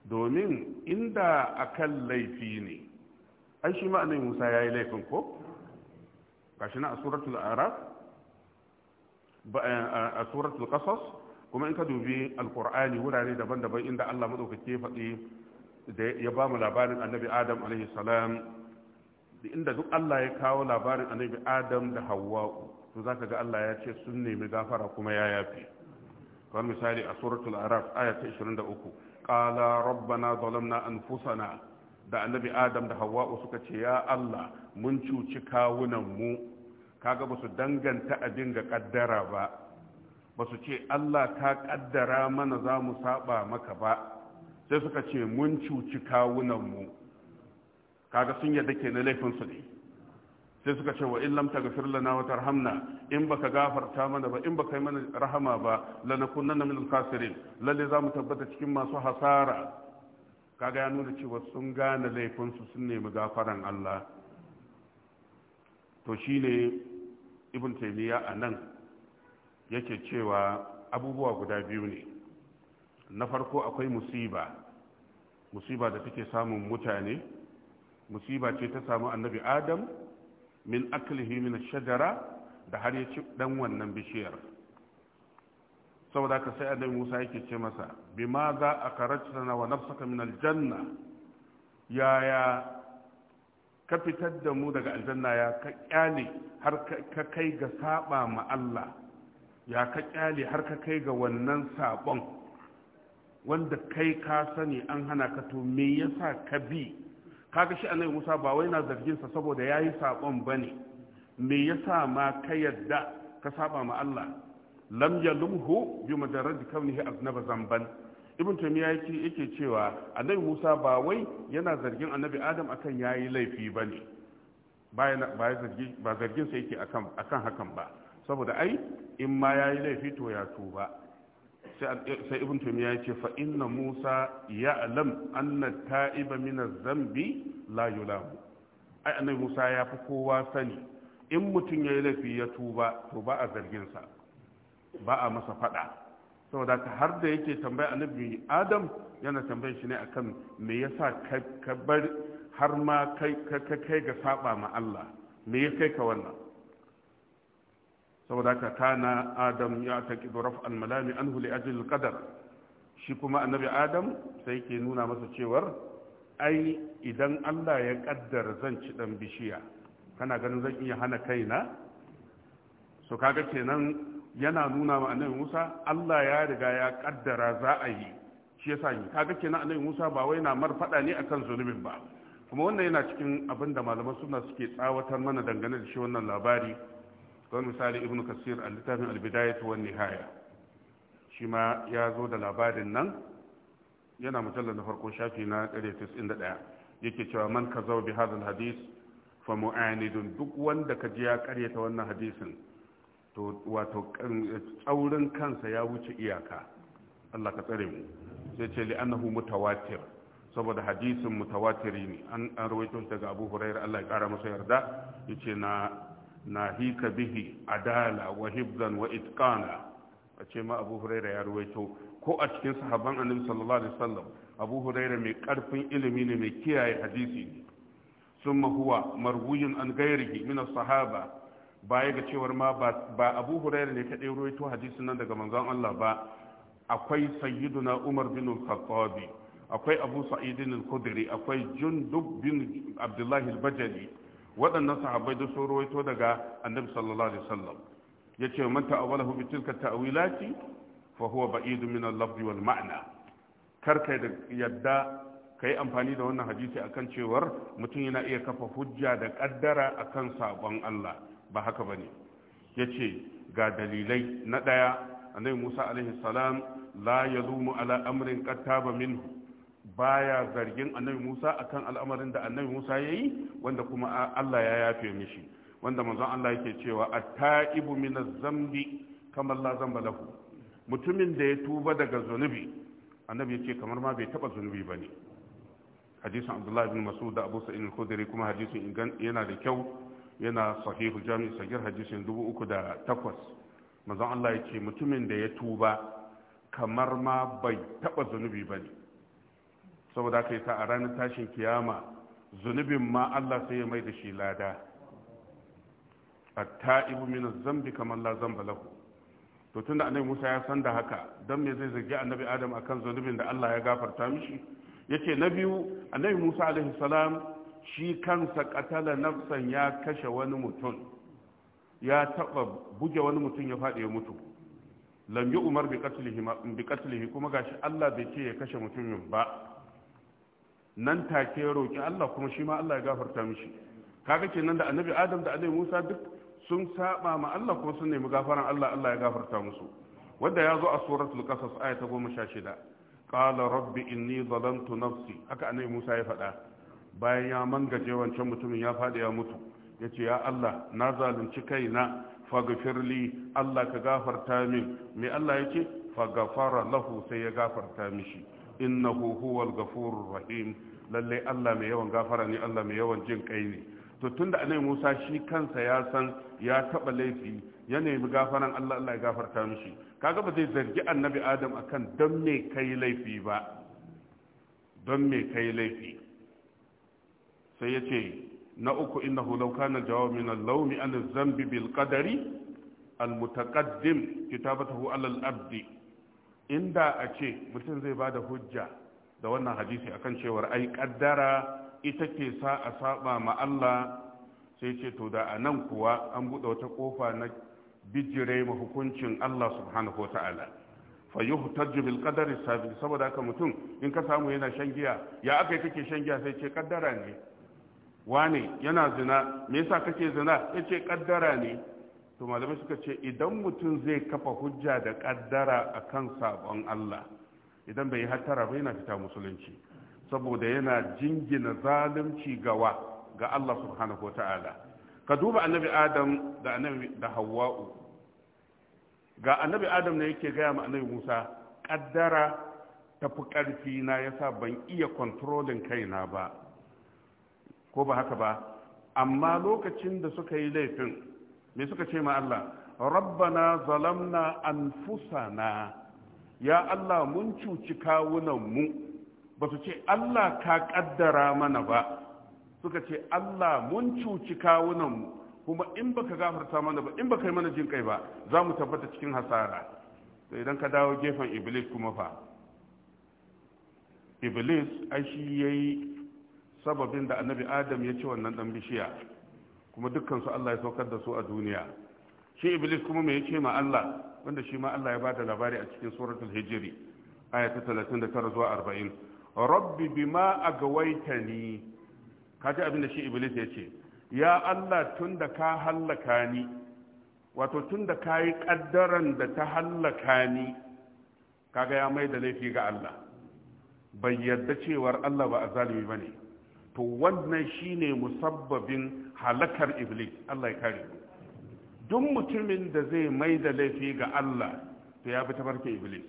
domin inda akan laifi ne an shi ma musa ya yi laifin ko shi na a suratul araf eh, a suratul qasas kuma in ka dubi alkur'ani wurare daban-daban inda allah maɗaukaki ya faɗi da ya ba mu labarin annabi adam alaihi salam da inda duk Allah ya kawo labarin annabi Adam da Hawwa to zaka ga Allah ya ce sun nemi gafara kuma ya yafi kamar misali a suratul araf aya ta 23 qala rabbana zalamna anfusana da annabi Adam da Hawwa suka ce ya Allah mun cuci kawunan mu kaga ba su danganta abin ga kaddara ba ba su ce Allah ka kaddara mana za mu saba maka ba sai suka ce mun cuci kawunan mu kaga sun yarda ke na laifin ne sai suka ce wa illam taghfir lana wa tarhamna in baka gafarta mana ba in baka yi mana rahama ba lanakunanna min al-khasirin lalle zamu tabbata cikin masu hasara kaga ya nuna cewa sun gane laifinsu su sun nemi gafaran Allah to shine ibn taymiya anan yake cewa abubuwa guda biyu ne na farko akwai musiba musiba da take samun mutane musiba ce ta samu annabi adam min aklihi min shajara da har ya ci dan wannan bishiyar saboda ka sai annabi Musa yake ce masa bima za a karanta wa nafsaka min aljanna yaya ka fitar da mu daga aljanna ya ka kyale har ka kai ga saba ma Allah ya ka kyale har ka kai ga wannan sabon wanda kai ka sani an hana ka to me yasa ka bi kaga shi annabi Musa ba wai na zargin sa saboda yayi sabon bane me yasa ma ka yadda ka saba ma Allah lam yalumhu bi majarrad kaunihi aznaba zamban ibn tamiya yake yake cewa annabi Musa ba wai yana zargin annabi Adam akan yayi laifi bane ba ba zargi ba zargin sa yake akan akan hakan ba saboda ai in ma yayi laifi to ya tuba sai ibn tumiya ya ce fa inna musa alam anna ta'iba min zambi la yulamu ai annabi musa ya fi kowa sani in mutum ya yi laifi ya tuba to ba a zargin ba a masa fada saboda ka har da yake tambaya annabi adam yana tambayar shi ne akan me yasa ka bar har ma kai ga saba ma Allah me ya kai ka wannan saboda haka kana adam ya taqidu al malami anhu li ajli al-qadar shi kuma annabi adam sai ke nuna masa cewar ai idan Allah ya kaddar zan ci dan bishiya kana ganin zan iya hana kaina so kaga kenan yana nuna ma annabi Musa Allah ya riga ya kaddara za a yi shi yasa ni kaga kenan annabi Musa ba wai na mar fada ne akan zunubin ba kuma wannan yana cikin abin da malaman suna suke tsawatar mana dangane da shi wannan labari don misali ibnu kasir a littafin albidayat wa nihaya shi ma ya zo da labarin nan yana mujallar na farko shafi na 191 yake cewa man ka zau bi hadal hadis fa mu'anidun duk wanda ka ji ya karyata wannan hadisin to wato tsaurin kansa ya wuce iyaka Allah ka tsare mu sai ce li'annahu mutawatir saboda hadisin mutawatiri ne an rawaito daga Abu Hurairah Allah ya kara masa yarda yace na nahika bihi adala wa hibzan wa itqana a ce ma abu huraira ya ruwaito ko a cikin sahabban annabi sallallahu alaihi wasallam abu huraira mai karfin ilimi ne mai kiyaye hadisi ne sun mahuwa marwiyun an gairihi sahaba baya ga cewar ma ba abu huraira ne kadai ruwaito hadisi nan daga manzon Allah ba akwai sayyiduna umar bin al akwai abu sa'idin al-khudri akwai jundub bin abdullahi al-bajali waɗannan sahabbai da sun rawaito daga annabi sallallahu alaihi wasallam yace man ta'awalahu bi tilka ta'wilati fa huwa ba'idun min al-lafzi wal ma'na kar kai da yadda kai amfani da wannan hadisi akan cewar mutum yana iya kafa hujja da kaddara akan sabon Allah ba haka bane yace ga dalilai na daya annabi Musa alaihi salam la yalumu ala amrin qad minhu baya zargin annabi Musa akan al'amarin da annabi Musa ya yi wanda kuma Allah ya yafe mishi wanda manzon Allah yake cewa at-ta'ibu min zambi kamar la zamba lahu mutumin da ya tuba daga zunubi annabi ce kamar ma bai taba zunubi bane hadisin Abdullah ibn Mas'ud da Abu Sa'id al-Khudri kuma hadisin yana da kyau yana sahihu jami'in sagir hadisin takwas. manzon Allah ce mutumin da ya tuba kamar ma bai taba zunubi bane saboda ka yi sa a ranar tashin kiyama zunubin ma Allah sai ya mai da shi lada A taibu mina zan zambi kaman la zamba lahu to tunda annabi Musa ya san da haka dan me zai zargi annabi Adam akan zunubin da Allah ya gafarta mishi yace na biyu annabi Musa alaihi salam shi kansa katala nafsan ya kashe wani mutum ya taba buge wani mutum ya faɗi ya mutu lam umar bi qatlihi kuma gashi Allah bai ce ya kashe mutumin ba nan take ya roki Allah kuma shi ma Allah ya gafarta mishi kaga kenan da annabi Adam da annabi Musa duk sun saba ma Allah kuma sun nemi gafaran Allah Allah ya gafarta musu wanda ya zo a suratul qasas aya ta sha shida, qala rabbi inni zalamtu nafsi haka annabi Musa ya faɗa bayan ya mangaje wancan mutumin ya faɗi ya mutu ya ce ya Allah na zalunci kaina faghfirli Allah ka gafarta min me Allah yake faghfara lahu sai ya gafarta mishi innahu huwal ghafurur rahim lalle Allah mai yawan gafara ne Allah mai yawan jin kai ne to tunda annabi Musa shi kansa ya san ya taba laifi ya nemi gafaran Allah Allah ya gafarta mishi kaga ba zai zargi annabi Adam akan don me kai laifi ba don me kai laifi sai ya ce na uku innahu law kana jawab min al-lawmi an zambi bil qadari al-mutaqaddim kitabatahu ala al-abdi inda a ce mutum zai ba da hujja da wannan hadisi akan cewar ai kaddara ita ke sa a saba ma Allah sai ce to da a nan kuwa an buɗe wata ƙofa na bijire ma hukuncin Allah subhanahu wa ta'ala fa yuhtaju bil qadari sabi saboda haka mutum in ka samu yana shan giya ya akai kake shan giya sai ce kaddara ne wane yana zina me yasa kake zina sai ce kaddara ne to malamai suka ce idan mutum zai kafa hujja da kaddara kan sabon Allah idan bai yi hattara ba yana fita musulunci saboda yana jingina zalunci gawa ga Allah subhanahu ta'ala ka duba annabi adam da annabi da hawa'u ga annabi adam ne yake gaya ma annabi musa kaddara fi karfi na yasa ban iya kontrolin kaina ba ko ba haka ba amma lokacin da suka yi laifin me suka ce ma Allah rabbana zalamna anfusana ya Allah mun cuci kawunan mu ba su ce Allah ka kaddara mana ba suka ce Allah mun cuci kawunan mu kuma in baka gafarta mana ba in baka yi mana jin kai ba za mu tabbata cikin hasara to idan ka dawo gefen iblis kuma fa iblis ai shi yayi sababin da annabi adam ya ci wannan dan bishiya kuma dukkansu Allah ya saukar da su a duniya shi iblis kuma me yace ma Allah wanda shi ma Allah ya bada labari a cikin suratul hijri aya ta 39 zuwa 40 rabbi bima agwaitani kaji abin da shi iblis yace ya Allah tunda ka hallaka ni wato tunda kayi kaddaran da ta hallaka ni kaga ya mai da laifi ga Allah bai yarda cewar Allah ba a zalimi bane to wannan shine musabbabin halakar iblis Allah ya kare duk mutumin da zai mai da laifi ga Allah to ya bi barke iblis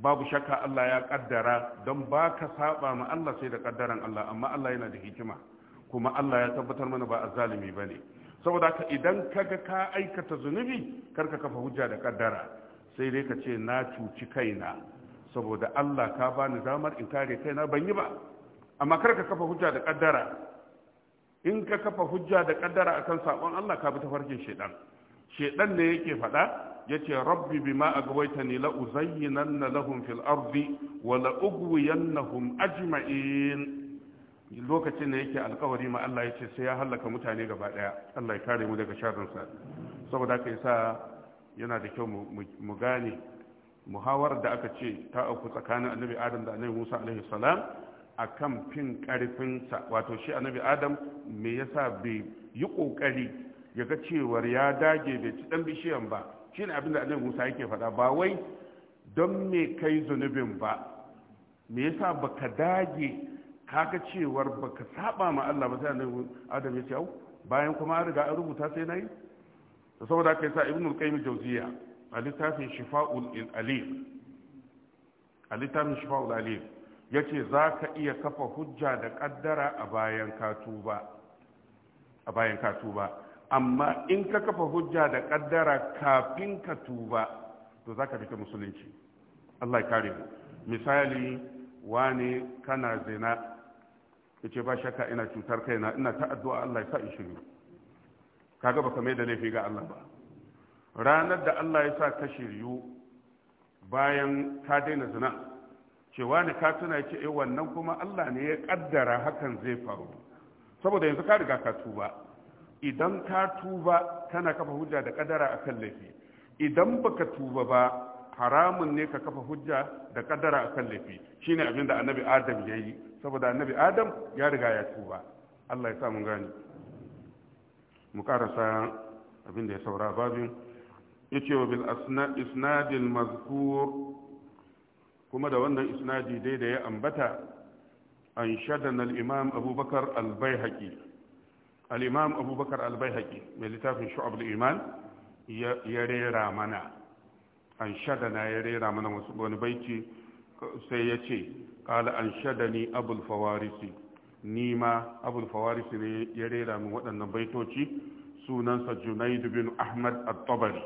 babu shakka Allah ya kaddara don ba ka saba ma Allah sai da kaddaran Allah amma Allah yana da hikima kuma Allah ya tabbatar mana ba azzalimi ne saboda ka idan ka ga ka aikata zunubi ka kafa hujja da kaddara sai dai ka ce na cuci kaina saboda Allah ka bani damar in kare kaina ban yi ba amma kar ka kafa hujja da kaddara in ka kafa hujja da kaddara akan sabon Allah ka bi farkin shedan shedan ne yake faɗa yace rabbi bima agwaytani la uzayyinanna lahum fil ardi wa la ugwiyannahum ajma'in lokacin da yake alkawari ma Allah yace sai ya halaka mutane gaba daya Allah ya kare mu daga sharrin sa saboda haka yasa yana da kyau mu gane muhawarar da aka ce ta auku tsakanin annabi adam da annabi musa alaihi salam a akan fin sa wato shi annabi adam me yasa bai yi kokari ya ga cewar ya dage bai ci dan bishiyan ba shine abin da annabi Musa yake faɗa ba wai don me kai zunubin ba me yasa baka dage ka ga cewar baka saba ma Allah ba sai annabi Adam ya ce au bayan kuma an riga an rubuta sai nayi saboda kai sa ibnu qayyim jawziya a littafin shifa'ul alim a littafin shifa'ul alim ya ce za ka iya kafa hujja da ƙaddara a bayan ka tuba amma in ka kafa hujja da ƙaddara kafin ka tuba to za ka fita musulunci allah kare mu misali wane kana zina ya ce ba shakka ina cutar kaina ina ta addu'a allah ya sa in shiru kaga baka mai da laifi ga allah ba ranar da allah ya sa ka shiryu bayan ka daina zina cewa ne ka tuna ce eh wannan kuma Allah ne ya kaddara hakan zai faru saboda yanzu ka riga ka tuba idan ka tuba kana kafa hujja da kaddara akan laifi idan baka tuba ba haramun ne ka kafa hujja da kaddara akan laifi shine abin da annabi adam ya yi saboda annabi adam ya riga ya tuba Allah ya sa mun gani mu karasa abin da ya saura babin yace wa bil isnadil mazkur kuma da wannan isnadi dai da ya ambata an shadan al-imam abubakar al-baihaqi al-imam abubakar al mai littafin shu'ab al ya rera mana an shadana ya rera mana wasu wani baiti sai ya ce ƙala an shadani abul fawarisi ni ma abul fawarisi ne ya rera min waɗannan baitoci sunansa junaid bin ahmad at-tabari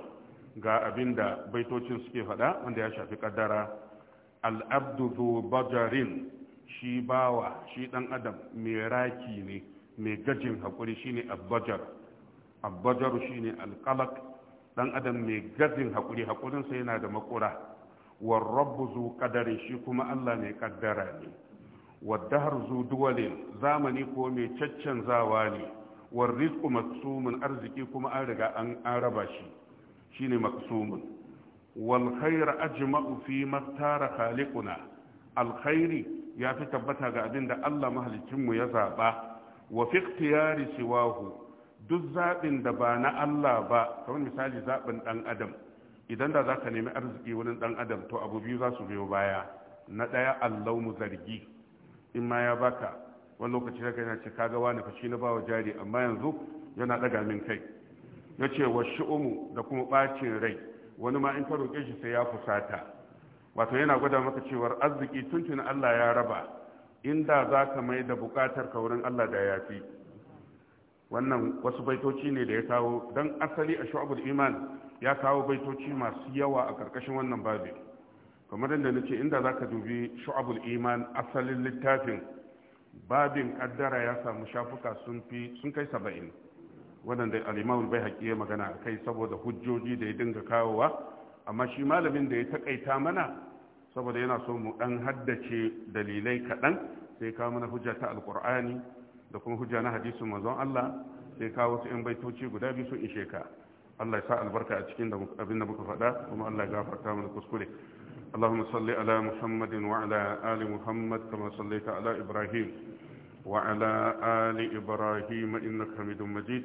ga abinda baitocin suke faɗa wanda ya shafi ƙaddara. al’abduzu bajarin shi bawa shi ɗan adam mai raki ne mai gajin haƙuri shine abbajar abbajar ne alƙalak ɗan adam mai gajin haƙuri haƙurinsa yana da makura wa rabbu zu ƙadari shi kuma allah mai ƙaddara ne dahar zu duwalin zamani ko mai zawa ne war rizku maksumin arziki kuma an riga an raba shi shi shine maksumin والخير أجمع فيما اختار Alkhairi الخير يا في تبتا قاعدين Allah الله مهل جمو يزابا وفي اختيار سواه duk zaɓin da ba na Allah ba kamar misali zaɓin ɗan adam idan da za ka nemi arziki wurin ɗan adam to abu biyu za su biyo baya na ɗaya Allah mu zargi in ma ya baka wani lokaci daga yana ce gawa wani fashi na bawa jari amma yanzu yana ɗaga min kai ya ce wa shi'umu da kuma ɓacin rai wani ma in ta roƙe shi sai ya fusata wato yana gwada maka cewar arziki tuntun Allah ya raba inda za ka mai da buƙatar ka wurin Allah da ya fi wannan wasu baitoci ne da ya kawo don asali a shu'abul iman ya kawo baitoci masu yawa a ƙarƙashin wannan babu kamar yadda nace inda za ka dubi shu'abul iman asalin littafin babin kaddara ya samu shafuka sun kai saba'in wannan da bai imam al ya magana kai saboda hujjoji da ya dinga kawowa amma shi malamin da ya takaita mana saboda yana so mu ɗan haddace dalilai kaɗan sai kawo mana hujja ta alkur'ani da kuma hujja na hadisu manzon Allah sai kawo wasu yan baitoci guda biyu sun ishe ka Allah ya sa albarka a cikin abin da muka faɗa kuma Allah ya gafarta mana kuskure اللهم صل على محمد وعلى آل محمد كما صليت على إبراهيم وعلى آل إبراهيم إنك حميد مجيد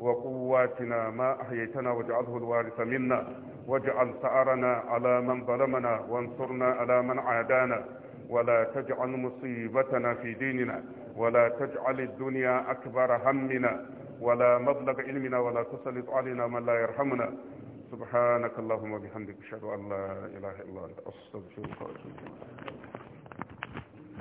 وقواتنا ما أحييتنا واجعله الوارث منا واجعل ثأرنا على من ظلمنا وانصرنا على من عادانا ولا تجعل مصيبتنا في ديننا ولا تجعل الدنيا أكبر همنا ولا مبلغ علمنا ولا تسلط علينا من لا يرحمنا سبحانك اللهم وبحمدك اشهد ان لا اله الا انت استغفرك واتوب اليك